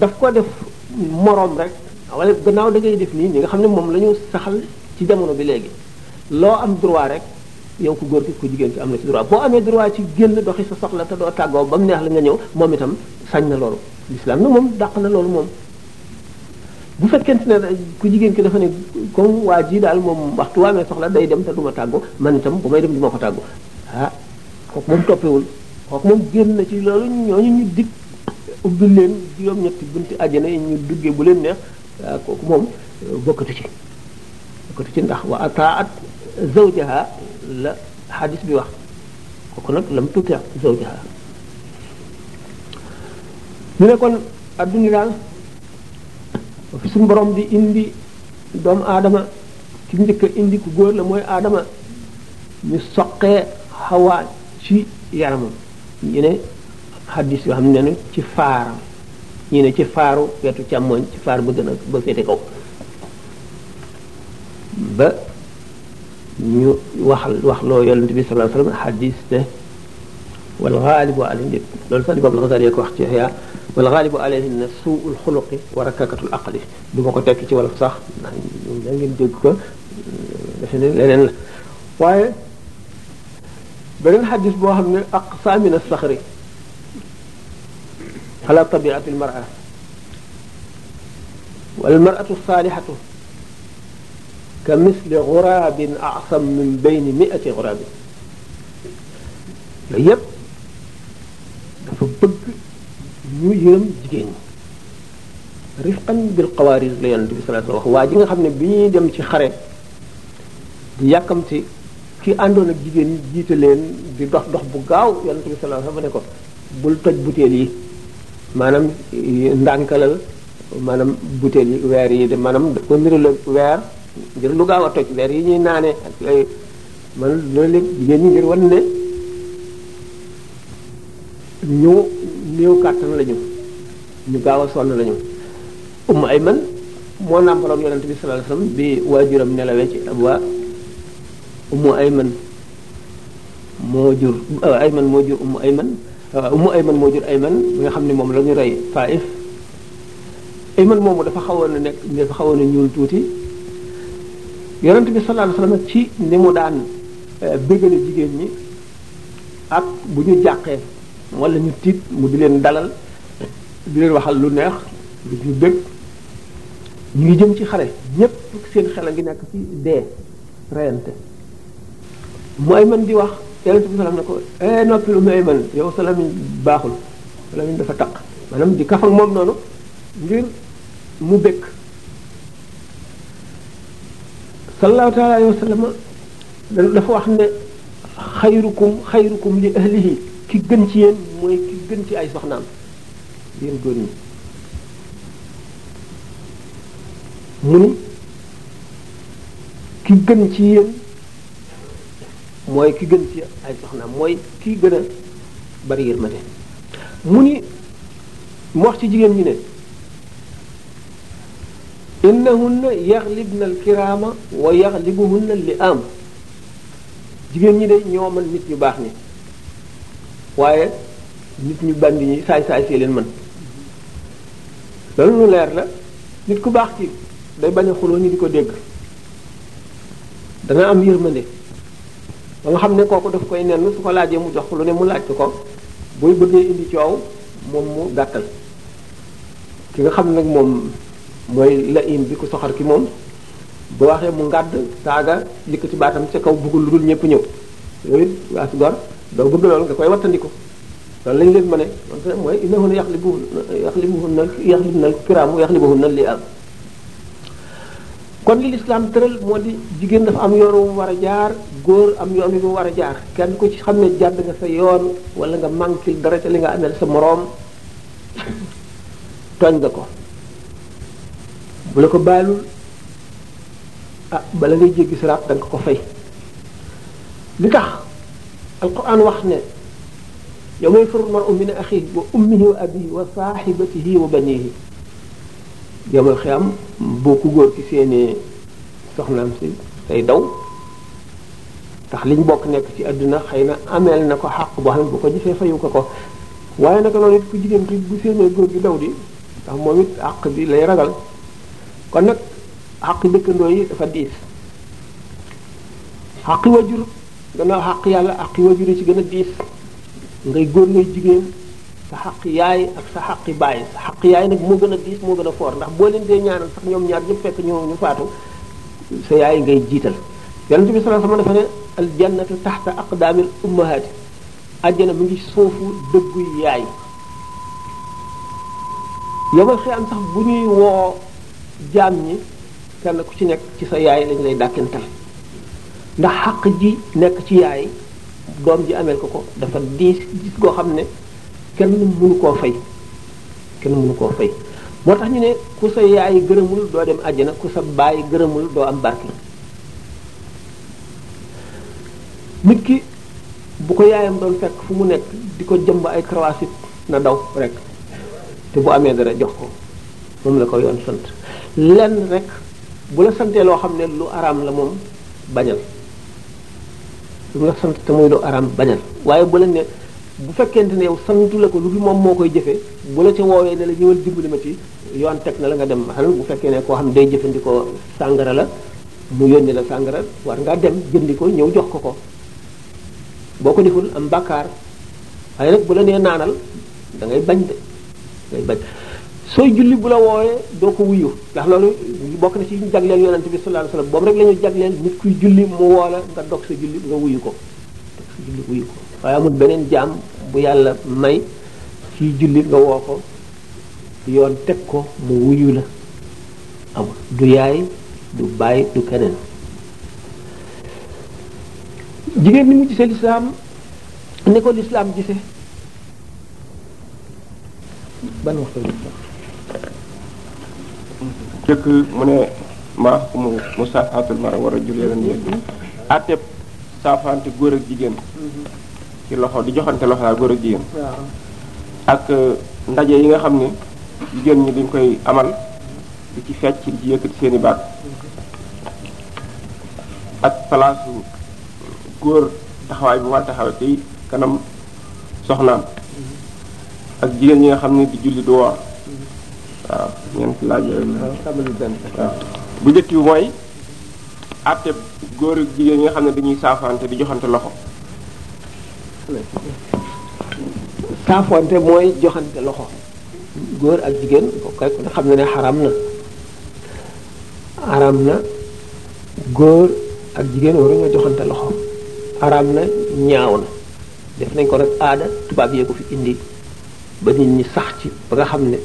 daf ko def moroom rek wala gannaaw da ngay def nii ñi nga xam ne moom lañu saxal ci jamono bi léegi loo am droit rek yow ku góor ki ku jigéen ki am na ci droit boo amee droit ci génn doxi sa soxla te doo tàggoo ba mu neex la nga ñëw moom itam sañ na loolu lislaam na moom dàq na loolu moom bu fekkente ne ku jigéen ki dafa ne comme waa ji daal moom waxtu waamee soxla day dem te du ma tàggu man itam bu may dem du ma ko tàggu ah kooku moom toppewul kooku moom génn na ci ubbi leen juróom-ñetti bunti àjjana yi ñu duggee bu leen neex kooku moom euh, bokkatu ci bokkatu ci ndax wa ataat zawjaha la xadis bi wax kooku nag mu tuuti zawjaha ñu ne kon adduna daal fi suñu di indi doomu aadama ci njëkk indi ku góor la mooy aadama ñu soqee xawaa ci yaramam ñu ne xaddis yoo xam ne ne ci faaram ñii ne ci faaru wetu càmmooñ ci faar ba gën a ba féete kaw ba ñu wax wax loo yonent bi sallallahu alayhi wa sallam xaddis ne wal xaalibu alayhim loolu sax imam al-Ghazali ko wax ci Ihya wal xaalibu alayhim ne suul xuluqi wa rakakatul aqli du ma ko tekki ci wolof sax ndax da ngeen dégg ko defe ne leneen la waaye beneen xaddis boo xam ne aqsa min as-saxri ala tabiati almara walmaratu saalihatu ka misli xuraabin asam min bayni miati xuraabin yooyu yépp dafa bëgg ñu yërëm jigéen ñi rifqan bil xawaaris la yonent bi sallallahu alayhi wasallam wax waa ji nga xam ne bi ñuy dem ci xare di yàkkamti ki àndoon ak jigéen ñi jiite leen di dox dox bu gaaw yonent bi sallallahu alayhi wasallam ne ko bul toj butéel yi maanaam ndànkalal maanaam butéel yi weer yi de maanaam daf ko nirala weer ngir lu gaaw a toj weer yi ñuy naanee ak yooyu man loolu lépp jigéen ñi ngir wan ñu néew kàttan la ñu gaaw a sonn lañu ñu Umm Ayman moo nàmpaloon yonent bi sallallahu alayhi wasallam bi waajuram nelawee ci Abwa ay umm Ayman moo jur Ayman moo jur umm ay man Euh, umu ayman moo jur ayman bi nga xam ne moom la ñu rey Taif ayman moomu dafa xawoon a nekk dafa xawoon a ñuul tuuti yonent bi sallallahu alayhi wasallam ci ni mu daan euh, bégale jigéen ñi ak bu ñu jàqee wala ñu tiit mu di leen dalal di leen waxal lu neex lu ñu bég ñu ngi jëm ci xare ñépp seen xel a ngi nekk ci dee reyante mu ayman di wax yonent bi salaam ne ko eh noppi lu may man yow sa lamiñ baaxul sa lamiñ dafa taq maanaam di kaf moom noonu ngir mu bekk sallallahu taala alayhi dafa wax ne xayrukum li ahlihi ki gën ci yéen mooy ki gën ci ay soxnaam yéen góor ñi mu ni ki gën mooy ki gën ci ay soxnaam mooy ki gën a bari yërmande mu ni mu wax ci jigéen ñi ne innahunna yaxlibna alkiraama wa yaxlibuhunna li am jigéen ñi de ñoomal nit ñu baax ni waaye nit ñu bandi ñi saay saay see leen mën loolu lu leer la nit ku baax ci day bañ a xuloo ñu di ko dégg dana am yërmande ba xam ne kooku daf koy nenn su ko laajee mu jox ko lu ne mu laaj ko booy bëggee indi coow moom mu gàttal ki nga xam nag moom mooy la im bi ku soxor ki moom bu waxee mu ngàdd saaga yëkkati baatam ca kaw bëggul lu dul ñëpp ñëw loolu it waa si gor doo bëgg loolu nga koy wattandiku loolu lañ leen ma ne mooy innahu yaxlibuhu yaxlibuhu na yaxlib na kiraamu yaxlibuhu na li am kon li lislaam tëral moo di jigéen dafa am yoon war a jaar góor am yoon wu war a jaar kenn ko ci xam ne jàdd nga sa yoon wala nga manquil dara ca li nga amel sa moroom tooñ nga ko bu la ko baalul ah bala ngay jéggi siraat danga ko fay li tax alquran wax ne yawma yafirru al mar'u min akhihi wa ummihi wa abihi wa sahibatihi wa banihi yomal xiyam boo ko góor ki seeni soxnaam si tay daw ndax liñ bokk nekk ci àdduna xëy na ameel na ko xàq boo xam bu ko jëfee fayu ko ko waaye naka noonu it ku jigéen ki bu séenee góor gi daw di ndax moom it xàq bi lay ragal kon nag xàq dëkkandoo yi dafa diis xàq wajur gannaaw xaq yàlla xàq wajur yi ci gën a diis ngay góor ngay jigéen sa xaq yaay ak sa xaqi bàyyi sa xaq yaay nag moo gën a diis moo gën a foor ndax boo leen dee ñaanal sax ñoom ñaar ñëpp fekk ñoo ñu faatu sa yaay ngay jiital yonent bi sallallahu alayhi wasallam dafa ne al jannatu taxta aqdaamil ummahaati àjjana ngi suufu dëggu yaay yomal xiyaam sax bu ñuy woo jaam ñi kenn ku ci nekk ci sa yaay lañ lay dàkkantal ndax xaq ji nekk ci yaay doom ji ameel ko ko dafa diis gis goo xam ne kenn mënu koo fay kenn mënu koo fay moo tax ñu ne ku sa yaay gërëmul doo dem àjjana ku sa baay gërëmul doo am barke nit ki bu ko yaayam doon fekk fu mu nekk di ko jëmb ay croisit na daw rek te bu amee dara jox ko moom la ko yoon sant lenn rek bu la santee loo xam ne lu araam la moom bañal lu mu la sant te muy lu araam bañal waaye bu la ne bu fekkente ne yow santu la ko lu fi moom moo koy jëfee bu la ci woowee ne la ñëwal dimbali ma ci yoon teg na la nga dem xanaa bu fekkee ne koo xam day jëfandikoo sàngara la mu yónni la sàngara war ngaa dem jëndi ko ñëw jox ko ko boo ko deful am bàkkaar waaye nag bu la nee naanal da ngay bañ de sooy julli bu la woowee doo ko wuyu ndax loolu bokk na ci ñu jagleel yonante bi sallallahu alayhi wasallam boobu rek la ñu jagleel nit kuy julli mu woo la nga dog nga wuyu ko dog beneen jaam bu yàlla may ci jullit nga woo ko yoon teg ko mu wuyu la du yaay du bàyyi du keneen jigéen ni mu gisee lislaam ne ko lislaam gisee ban waxtu mu ne maa xumu musaaxaatul mara war a jullee la nii àtteeb saafante góor ak jigéen mm-hmm. loxo di joxante loxo daal góor ak jigéen ak euh, ndaje yi nga xam ne jigéen ñi dañ koy amal di ci fecc di ci yëkkati seen baat mm-hmm. ak place góor taxawaay bi war taxawee kanam soxnaam mm-hmm. ak jigéen ñi nga xam ne di julli du woor mm-hmm. waaw ñeent laaj yooyu waaw bu njëkk bi mooy àtte góor ak jigéen ñi nga xam ne dañuy saafante di joxante loxo saafoonte mooy joxante loxo góor ak jigéen ko kay ne xam na ne xaram na xaram na góor ak jigéen waruñoo joxante loxo xaram na ñaaw na def nañ ko rek aada tubaab yee ko fi indi ba nit ñi sax ci ba nga xam ne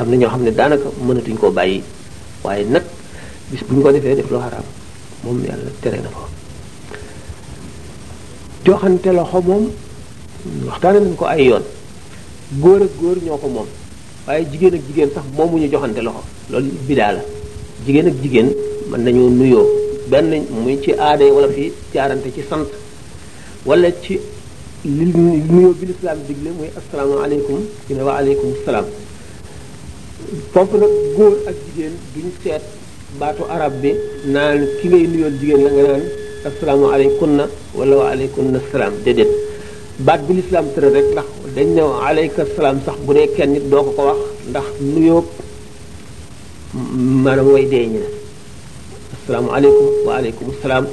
am na ñoo xam ne daanaka mënatuñ koo bàyyi waaye nag bis bu ñu ko defee def loo xaraam moom yàlla tere na ko joxante loxo moom waxtaane nañ ko ay yoon góor ak góor ñoo ko moom waaye jigéen ak jigéen sax moomuñu joxante loxo loolu bidaa la jigéen ak jigéen mën nañoo nuyoo benn muy ci aada wala fi jaarante ci sant wala ci li nuyoo bi lislaam digle muy asalaamaaleykum ñu ne wa aleykum salaam foofu nag góor ak jigéen duñ seet baatu arab bi naan ki ngay nuyool jigéen la nga naan assalaamu aleykunna wala wa aleykunna salaam déedéet baat lislaam tëral rek ndax dañ salaam sax bu dee kenn nit doo ko ko wax ndax nuyoo maanaam way dee ñi ne assalaamu salaam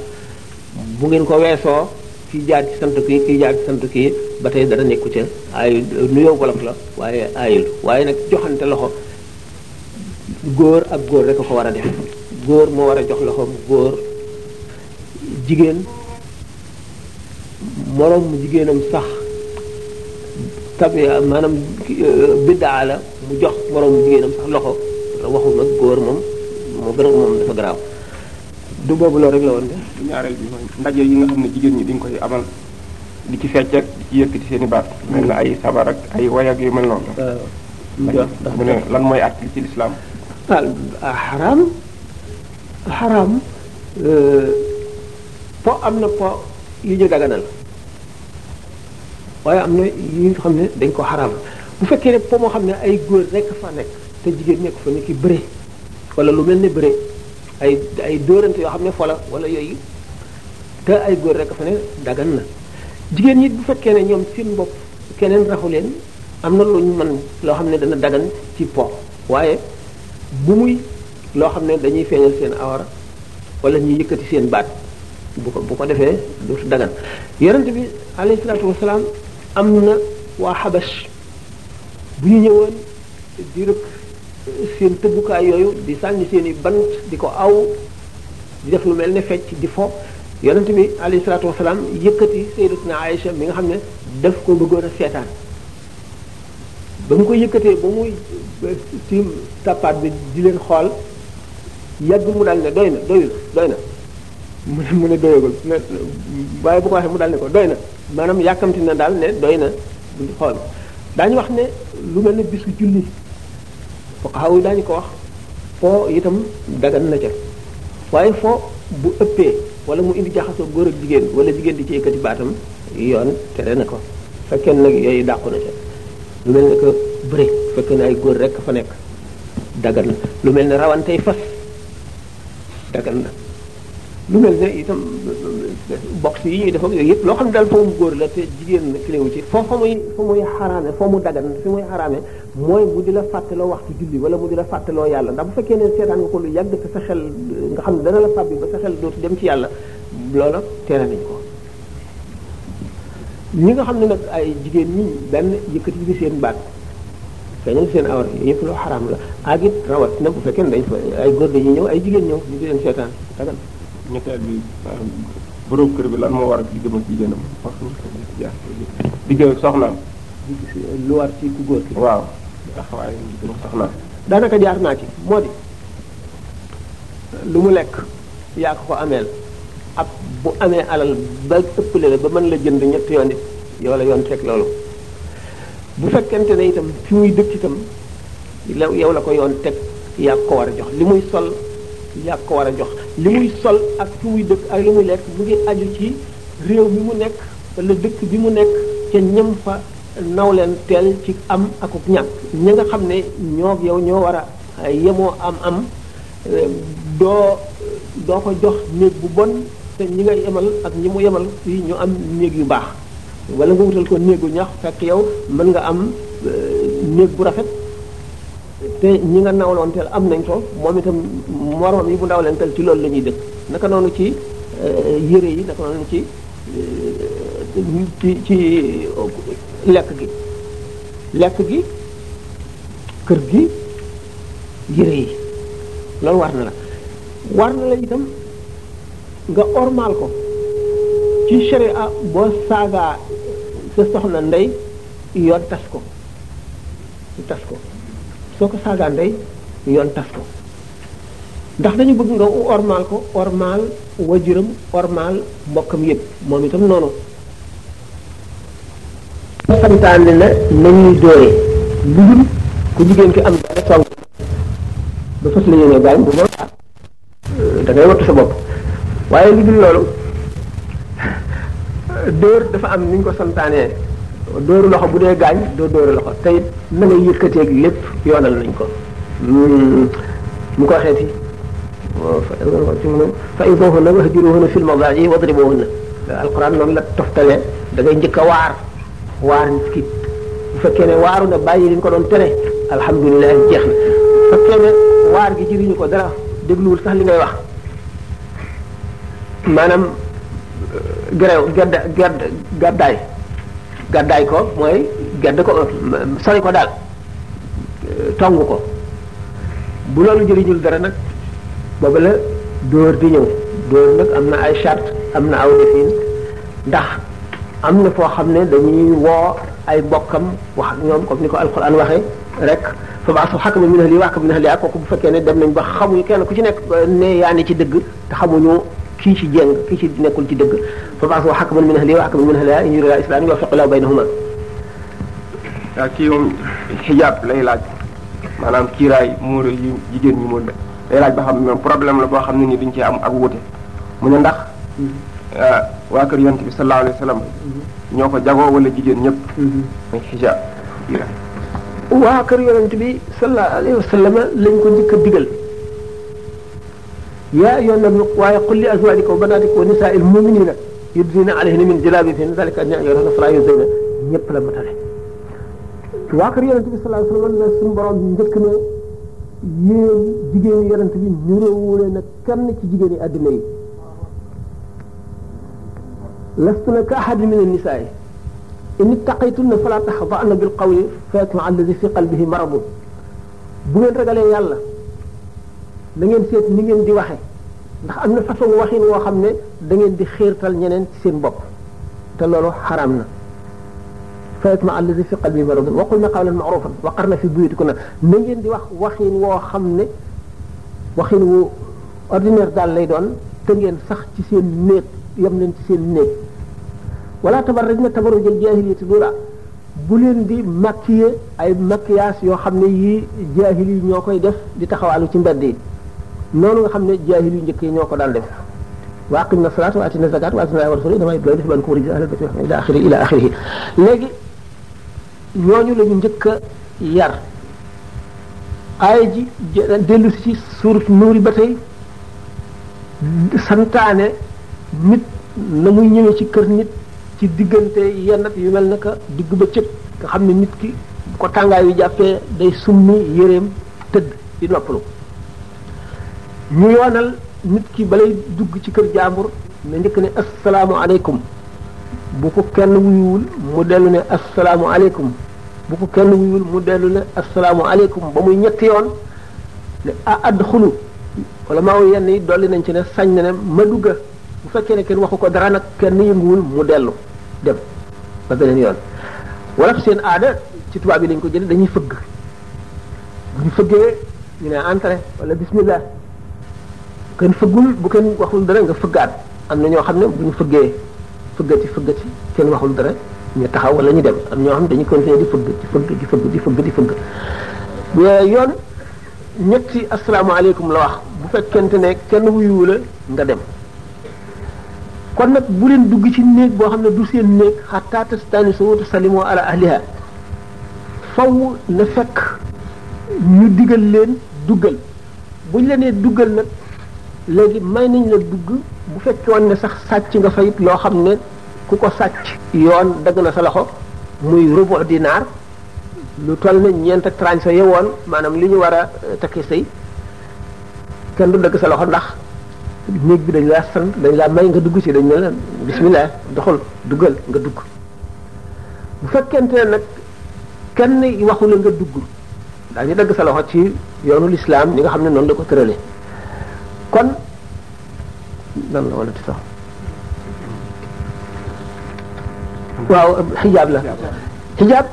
bu ngeen ko weesoo kii jaar sant kii sant kii ba tey dara nekku ca ay nuyoo la waaye aayul waaye nag joxante loxo góor ak góor rek a ko war a def góor moo war a jox loxoom góor jigéen moroom mu jigéenam sax tabi maanaam euh, biddaa mu jox moroom mu jigéenam sax loxo waxuma góor moom moo gën a moom dafa garaaw du boobu loolu rek la woon de ñaareel bi mooy ndaje yi nga xam ne jigéen ñi dañ koy amal di ci fecc ak di ci yëkkati seen i baat mel na ay sabar ay way ak yu mel noonu euh, mu lan mooy at li ci lislaam xaraam xaraam euh, po am na po yu ñu daganal waaye am na yu xam ne dañ ko xaraam bu fekkee ne po moo xam ne ay góor rekk fa nekk te jigéen nekk fa nekk ki bëre wala lu mel ne bëre ay ay dóorante yoo xam ne fola wala yooyu te ay góor rekk fa ne dagan na jigéen ñi bu fekkee ne ñoom seen bopp keneen raxu leen am na luñ mën loo xam ne dana dagan ci po waaye bu muy loo xam ne dañuy feeñal seen awara wala ñuy yëkkati seen baat bu ko bu ko defee dootu dagan yonent bi alayhi salaatu wasalaam am na waa xabas bu ñu ñëwoon di rëkk euh, seen tëbbukaay yooyu di sànni seen bant di ko aw di def lu mel ne fecc di fo yonent bi alayhi salaatu wasalaam yëkkati sayyidatuna Aïcha mi nga xam ne def ko bëggoon a seetaan ba mu ko yëkkatee ba muy ci euh, tappaat bi di leen xool yàgg mu daal ne doy na doy na mu ne mu ne doyagul waaye bu ko waxee mu daal ne ko doy na maanaam yàkkamti na daal ne doy na buñ xool daañu wax ne lu mel ne bisu julli fuqahaa yi daañu ko wax foo itam dagan na ca waaye foo bu ëppee wala mu indi jaxasoo góor ak jigéen wala jigéen di ci yëkkati baatam yoon tere na ko fekkee nag yooyu dàqu na ca lu mel ne que bëre fekkee ne ay góor rek fa nekk dagan na lu mel ne rawantey fas dagan na lu mel ne itam box yi ñuy def yëpp loo xam ne daal foofu góor la te jigéen kiléwu ci foo fa muy fa muy mu dagan fi muy xaraame mooy mu di la fàttaloo waxtu julli wala mu di la fàttaloo yàlla ndax bu fekkee ne seetaan nga ko lu yàgg sa xel nga xam ne dana la fàbbi ba sa xel dootu dem ci yàlla loola teena nañ ko ñi nga xam ne nag ay jigéen ñi benn yëkkati bi seen baat feeñal seen awar yëpp loo xaraam la ak rawat na bu fekkee ne dañ fa ay góor dañuy ñëw ay jigéen ñëw ñu ñetteel bi euh, borom kër bi lan moo war a diggam ak jigéenam wax diggam ak soxnaam. lu war ci ku góor ki. waaw taxawaay diggam ak soxnaam. jaar naa ci moo di lu mu lekk yaa ko ko ameel ab bu amee alal ba ëppale la ba mën la jënd ñetti yoon it yow la yoon teg loolu bu fekkente ne itam fi muy dëkk itam yow la ko yoon teg yaa ko war a jox li muy sol. yaa ko war a jox li muy sol ak fi muy dëkk ak li muy lekk bu ngi aju ci réew mi mu nekk wala dëkk bi mu nekk ca ñam fa naw leen teel ci am akuk ñàkk ñi nga xam ne ñoo yow ñoo war a yemoo am am eh, doo doo ko jox néeg bu bon te ñi ngay yemal ak ñi mu yemal fii ñu am néeg yu baax wala nga wutal ko néegu ñax fekk yow mën nga am eh, néeg bu rafet te ñi nga nawloonteel am nañ ko moom itam moromam yi bu nawleenteel ci loolu la ñuy dëkk naka noonu ci euh, yére yi naka noonu ci euh, ci ci lekk gi lekk gi kër gi yére yi loolu war na la war na la itam nga ormaal ko ci sharia boo saagaa sa soxna ndey yoon tas ko tas ko soo ko saagaan day yoon tas ko ndax dañu bëgg nga ormaal ko ormaal wajuram ormaal mbokkam yépp moom itam noonu nga santaane na nañuy dóoree lu dul ku jigéen ki am dara song ba fas la yéene baal bu moom euh, da ngay wattu sa bopp waaye lu dul loolu dóor dafa am ni ko santaanee dóoru loxo bu dee gaañ doo dóoru loxo tey na nga yëkkateeg lépp yoonal nañ ko mu hmm, ko waxee ci fa idohunna wahjuruhunna fil madaaji wadribuhunna alquran noonu la toftalee da ngay njëkk a waar waar nit ki bu fekkee ne waaru na bàyyi liñ ko doon tere alhamdulilah jeex na bu fekkee waar gi ñu ko dara dégluwul sax li ngay wax maanaam uh, gerew gedd gedd gàddaay gàddaay ko mooy gedd ko sori ko daal tong ko bu loolu jëriñul dara nag booba la dóor di ñëw dóor nag am na ay charte am na aw defin ndax am na foo xam ne dañuy woo ay bokkam wax ak ñoom comme ni ko alquran waxee rek fa baasu xakama min ahli wa xakama min ahli ak kooku bu fekkee ne dem nañ ba xamuñu kenn ku ci nekk ne yaa ne ci dëgg te xamuñu kii ci jéng kii ci nekkul ci dëgg fa baax wa xakaman min ahli wa xakaman min ahliha in yurida islam yuwaffiq laa baynahuma waaw kii moom xijaab lay laaj maanaam kiiraay muur yu jigéen ñi muur lay laaj ba xam ne problème la boo xam ne ni duñ ci am ak wuute mu ne ndax mm-hmm. euh, waa kër yonent bi sallallahu alayhi wa sallam mm-hmm. ñoo ko jagoo wala jigéen ñëpp mm-hmm. muy xijaab waa kër yonent bi sallallahu alayhi wa sallam lañ ko njëkk a digal yaa ayyuha nabi waaye qul li azwaajika wa banaatika wa nisaa il muminina yudnina alayhinna min jalaabibihinna zaalika adnaa an yu'rafna falaa yu'zayna ñëpp la matale. waa kër yonent bi sallallahu alayhi wa sallam ne suñu borom njëkk na yéen jigéenu yonent bi niróowu leen ak kenn ci jigéeni àddina yi. lastunna ka ahadin min an-nisaa in ittaqaytunna falaa taxda'na bil qawli fa yatma'a alladhi fi qalbihi maradun bu ngeen ragalee yàlla. na ngeen seet ni ngeen di waxe ndax am na façon waxin woo xam ne dangeen ngeen di xiirtal ñeneen ci seen bopp te loolu xaraam na fa yatma allazi fi qalbi maradun wa qulna qawlan ma'rufan wa na fi ko buyutikunna na ngeen di wax waxin woo xam ne waxin wu ordinaire daal lay doon te ngeen sax ci seen néeg yem leen ci seen néeg wala tabarrajna tabarrujal jaahiliyati dula bu leen di maquiller ay maquillage yoo xam ne yii jaahil yi ñoo koy def di taxawaalu ci mbedd yi noonu nga xam ne jaahil yu njëkk yi ñoo ko daan def wa aqimna salaata wa atina zakaat wa atina wa rasuli damay doy def ban ko rij ahlal bayt ila axiri ila axirihi léegi ñooñu la ñu a yar aaya ji dellu ci suurat nuuri ba tey santaane nit na muy ñëwee ci kër nit ci diggante yenn yu mel naka digg ba cëp nga xam ne nit ki bu ko tàngaay yu jàppee day summi yéreem tëdd di noppalu ñu yoonal nit ki balay dugg ci kër jàmbur na njëkk ne asalaamaaleykum bu ko kenn wuyuwul mu dellu ne asalaamaaleykum bu kenn wuyuwul mu dellu ne asalaamaaleykum ba muy ñetti yoon ne a add xulu wala maa yenn yi dolli nañ ci ne sañ na ne ma dugga bu fekkee ne kenn waxu ko dara nag kenn yënguwul mu dellu dem ba beneen yoon wala seen aada ci tubaab yi lañ ko jëlee dañuy fëgg bu ñu fëggee ñu ne entrée wala bismillah kenn fëggul bu kenn waxul dara nga fëggaat am na ñoo xam ne buñ fëggee fëggati fëggati kenn waxul dara ñu taxaw wala ñu dem am ñoo xam dañu continuer di fëgg di fëgg di fëgg di fëgg di fëgg yoon ñetti asalaamaaleykum la wax bu fekkente ne kenn wuyuwu nga dem kon nag bu leen dugg ci néeg boo xam ne du seen néeg xataa tastaanisu wa tusallimu ala ahliha faw na fekk ñu diggal leen duggal buñ la nee duggal nag léegi may nañ la dugg bu fekkoon ne sax sàcc nga fa it loo xam ne ku ko sàcc yoon dagg na sa loxo muy rubu dinaar lu toll na ñeent ak trente sa yewoon maanaam li ñu war a euh, takkee sëy kenn du dëgg sa loxo ndax néeg bi dañ la sant dañ laa may nga dugg ci dañ ne la bismillah doxal duggal nga dugg bu fekkente ne nag kenn waxu la nga dugg daa ñu dagg sa loxo ci yoonu lislaam ñi nga xam ne noonu la ko tëralee kon lan la wala di sax waaw xijaab la xijaab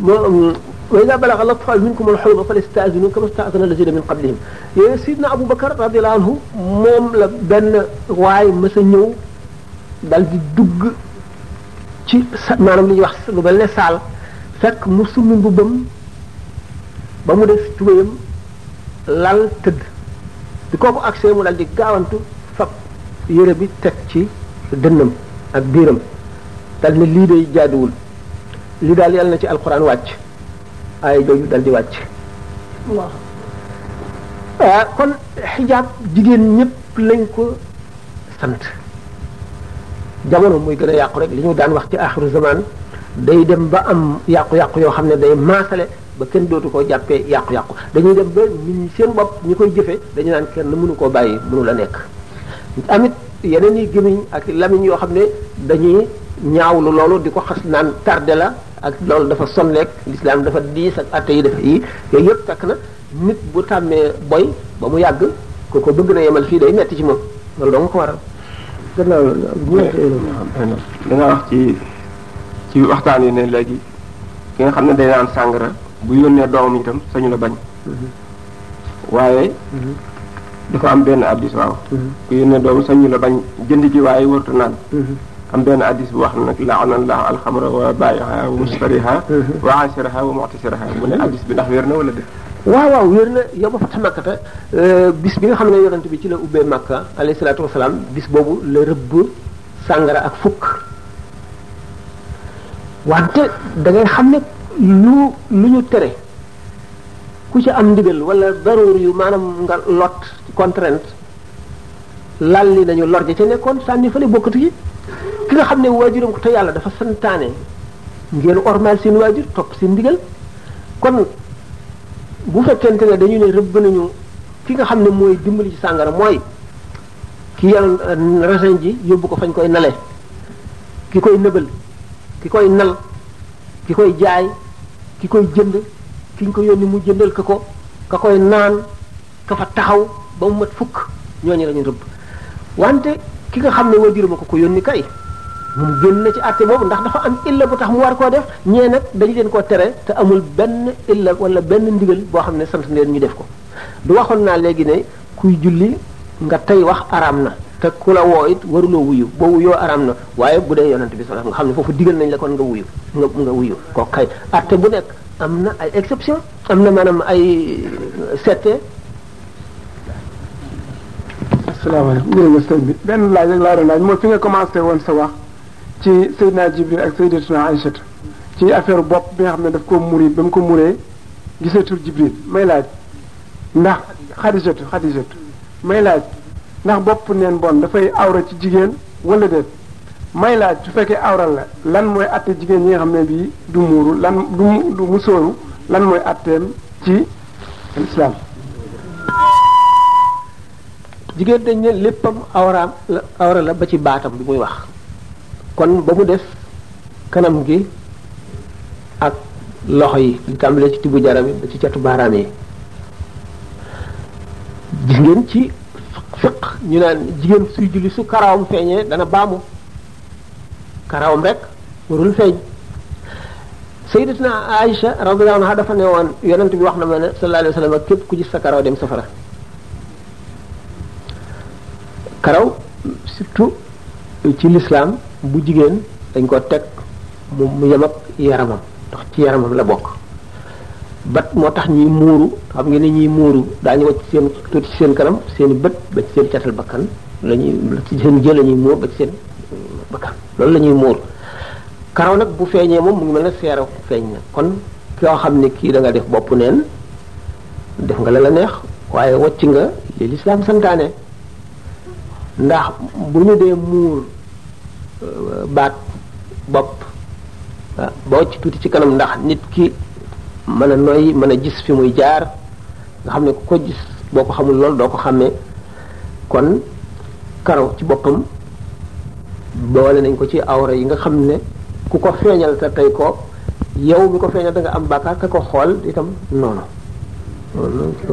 moo wa ida balaga latfal minkum alxuluma falyastaasinu kama staasana alladina min qablihim yooyu sidna Aboubacar radiallahu anhu moom la benn waay mës a ñëw dal di dugg ci sa maanaam li ñuy wax lu mel ne saal fekk mu summi mbubbam ba mu des tubéyam lal tëdd bi kooku accès mu dal di gaawantu fab yére bi teg ci dënnam ak biiram dal ne lii day jaaduwul lii daal yàlla na ci alxuraan wàcc ay jooju dal di wàcc ah, kon xijaab jigéen ñëpp lañ ko sant jamono muy gën a yàqu rek li ñu daan wax ci axiru zaman day dem ba am yàqu-yàqu yoo xam ne day maasale ba kenn dootu koo jàppee yàqu-yàqu dañuy dem ba ñu seen bopp ñi koy jëfee dañu naan kenn mënu koo bàyyi mënu la nekk amit yeneen yi gémmiñ ak lamiñ yoo xam ne dañuy ñaawlu loolu di ko xas naan tarde la ak loolu dafa sonleeg lislaam dafa diis ak atte yi dafa yi yooyu yëpp takk na nit bu tàmmee boy ba mu yàgg ko ko bëgg na yemal fii day metti ci moom loolu doo nga ko waral gannaaw wax ci ci waxtaan yi ne léegi ki nga xam ne day naan sàngara bu yónnee doomam itam sañu la bañ mm-hmm. waaye mm-hmm. dafa am benn addis waaw mm-hmm. ku yónnee doom sañu la bañ jënd ji waaye wartu naan am benn addis bu wax ne nag laana allahu alxamra wa baayiha wa mustariha a asiraha wa muctasiraha mu ne addis bi ndax wér na wala def waaw waaw wér na yow ba fatax makkata euh, bis bi nga xam ne yonent bi ci la ubbee makka alayhi salaatu wasalaam bis boobu la rëbb sàngara ak fukk wante da ngay xam ne lu lu ñu tere ku ci am ndigal walla daroor yu maanaam nga lot ci lal lalli nañu lor ja ca nekkoon sànni fële bokkatu yi ki nga xam ne waajuram ko te yàlla dafa santaane ngeen ormal seen waajur topp seen ndigal kon bu fekkente ne dañu ne rëbb nañu ki nga xam ne mooy dimbali ci sàngara mooy ki yan euh, raisin ji yóbbu ko fañ koy nale ki koy nëbal ki koy nal ki koy jaay ki koy jënd ki ñu ko yónni mu jëndal ka ko ka koy naan ka fa taxaw ba mu mat fukk ñooñu lañu rëbb wante ki nga xam ne wajur ma ko ko yónni kay moom génn na ci àtte boobu ndax dafa am illa bu tax mu war koo def ñee nag dañu leen koo tere te amul benn illa wala benn ndigal boo xam ne sant leen ñu def ko du waxoon naa léegi ne kuy julli nga tey wax araam na te ku la woo it waruloo wuyu boo wuyoo araam na waaye bu dee yonent bi sallallahu alayhi wasallam nga xam ne foofu digal nañ la kon nga wuyu nga wuyu ko kay atte bu nekk am na ay exception am na maanaam ay seete asalaamaaleykum jërëjëf sëñ bi benn laaj laa doon laaj mooy fi nga commencé woon sa wax ci Seydina Jibril ak Seydatuna Aïchata ci affaire bopp bi nga daf ko muri ba mu ko muree gisatul Jibril may laaj ndax xadijatu xadijatu may laaj ndax bopp neen bon dafay awra ci jigéen walla déet may laaj su fekkee awra la lan mooy atte jigéen ñi nga xam ne bii du muuru lan du du musóoru lan mooy atteem ci lislaam jigéen dañ ne léppam awra la ba ci baatam bi muy wax kon ba mu def kanam gi ak loxo yi li ci tibu jaram yi ba ci catu baaraam yi gis ci fiq ñu naan jigéen suy julli su karawam feeñee dana baamu karawam rek warul feeñ sayyidatuna Aïcha radiyallahu anha dafa ne woon yonent bi wax na ma ne sallallahu alayhi képp ku gis sa karaw dem safara karaw surtout ci lislaam bu jigéen dañ koo teg mu yem ak yaramam ndax ci yaramam la bokk bat moo tax ñuy muuru xam nga ni ñuy muuru daañu wacc seen tuuti ci seen kanam seen bët ba ci seen catal bakkan lañuy ci seen jël la ñuy muur ba ci seen bakkan loolu lañuy ñuy muur karaw nag bu feeñee moom mu ngi mel ne seeraw feeñ na kon koo xam ne kii danga def bopp neen def nga la la neex waaye wacc nga li lislaam santaane ndax bu ñu dee muur euh, baat bopp ah, ba wacc tuuti ci kanam ndax nit ki mën a noyyi mën a gis fi muy jaar nga xam ne ku ko gis boo ko xamul lool doo ko xàmmee kon karaw ci boppam boole nañ ko ci awra yi nga xam ne ku ko feeñal te tey ko yow bi ko feeñal da nga am bàkkaar ka ko xool itam noonu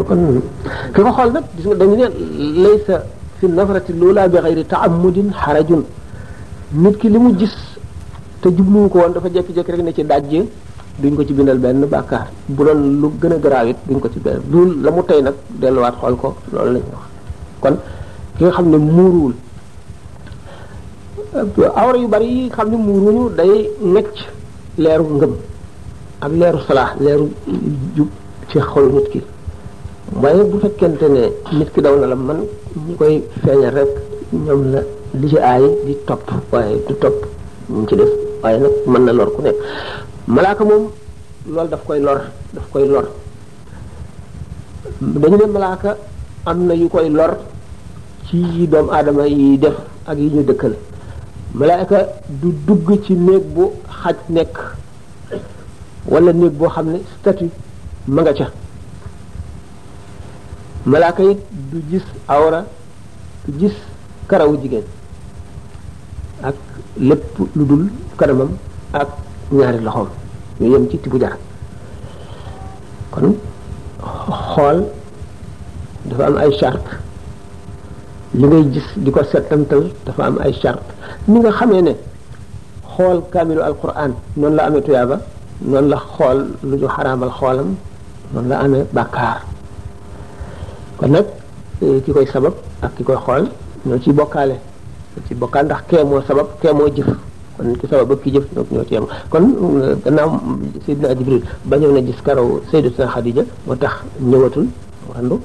kon ka ko xool nag gis nga dañu ne laysa fi nafrati loola bi xayri taamudin xarajun nit ki li mu gis te jubluwu ko woon dafa jékki-jékki rek ne ci dajje duñ ko ci bindal benn bàkkaar bu doon lu gën a garaaw it duñ ko ci bindal loolu la mu tey nag delluwaat xool ko loolu la ñuy wax kon ki nga xam ne muuruwul awra yu bari yi xam ne muuruñu day necc leeru ngëm ak leeru salaax leeru jub ci xol nit ki waaye bu fekkente ne nit ki daw na la man ñu koy feeñal rekk ñoom la li ci aay di topp waaye di topp ñu ci def waaye nag mën na lor ku nekk malaaka moom loolu daf koy lor daf koy lor dañu ne malaaka am na yu koy lor ci yi doomu aadama yi def ak yi ñu dëkkal malaaka du dugg ci néeg bu xaj nekk walla néeg boo xam ne statut ma nga ca malaaka it du gis awra du gis karawu jigéen ak lépp lu dul kanamam ak ñaari loxoom ñu yem ci tibu jar kon xool dafa am ay charte li ngay gis di ko settantal dafa am ay charte ni nga xamee ne xool kaamilu alquran noonu la amee tuyaaba noonu la xool lu ñu xaraamal xoolam noonu la amee bàkkaar kon nag eh, ki koy sabab ak ki koy xool ñoo ci bokkaale ñoo ci bokkaal ndax kee sabab kee moo jëf kon ki sabab ki jëf ñoo ñoo ci yem kon euh, gannaaw Seydina Jibril bañoon na gis karaw Seydatuna Xadija moo tax ñëwatul mu àndu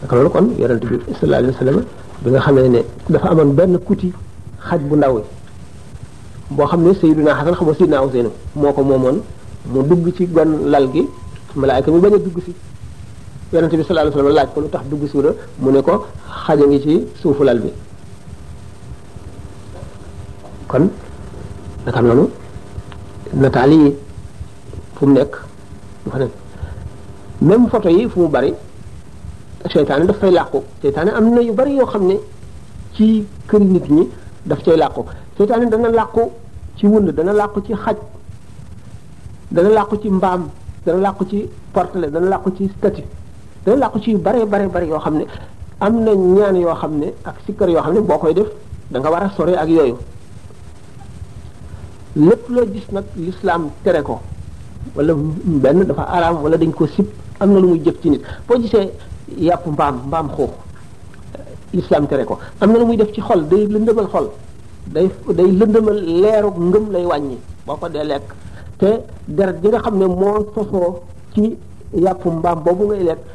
naka loolu kon yonent bi sallallahu alayhi wa sallam bi nga xamee ne dafa amoon benn kuti xaj bu ndaw yi boo xam ne Seydina Xasan xam nga Seydina Useynu moo ko moomoon mu dugg ci gon lal gi malaayka mu bañ dugg si yonent bi sallallahu alayhi wa sallam laaj ko lu tax dugg si la mu ne ko xaj a ngi ci suufu lal bi kon naka nataal yi fu mu nekk du fa nekk fu mu bari seytaane daf fay làqu seytaane am na yu bari yoo xam ne ci kër nit ñi daf cee làqu seytaane dana làqu ci wund dana làqu ci xaj dana làqu ci mbaam dana làqu ci portele dana làqu ci statue dana làqu ci yu bare bare bare yoo xam ne am na ñaan yoo xam ne ak kër yoo xam ne boo koy def danga war a sore ak yooyu lépp loo gis nag lislaam tere ko wala benn dafa araam wala dañ koo sib am na lu muy jëf ci nit boo gisee yàpp mbaam mbaam xuux euh, lislaam tere ko am na lu muy def ci xol day lëndëmal xol day day lëndëmal leeru ngëm lay wàññi boo ko dee lekk te deret ji nga xam ne moo sosoo ci yàpp mbaam boobu ngay lekk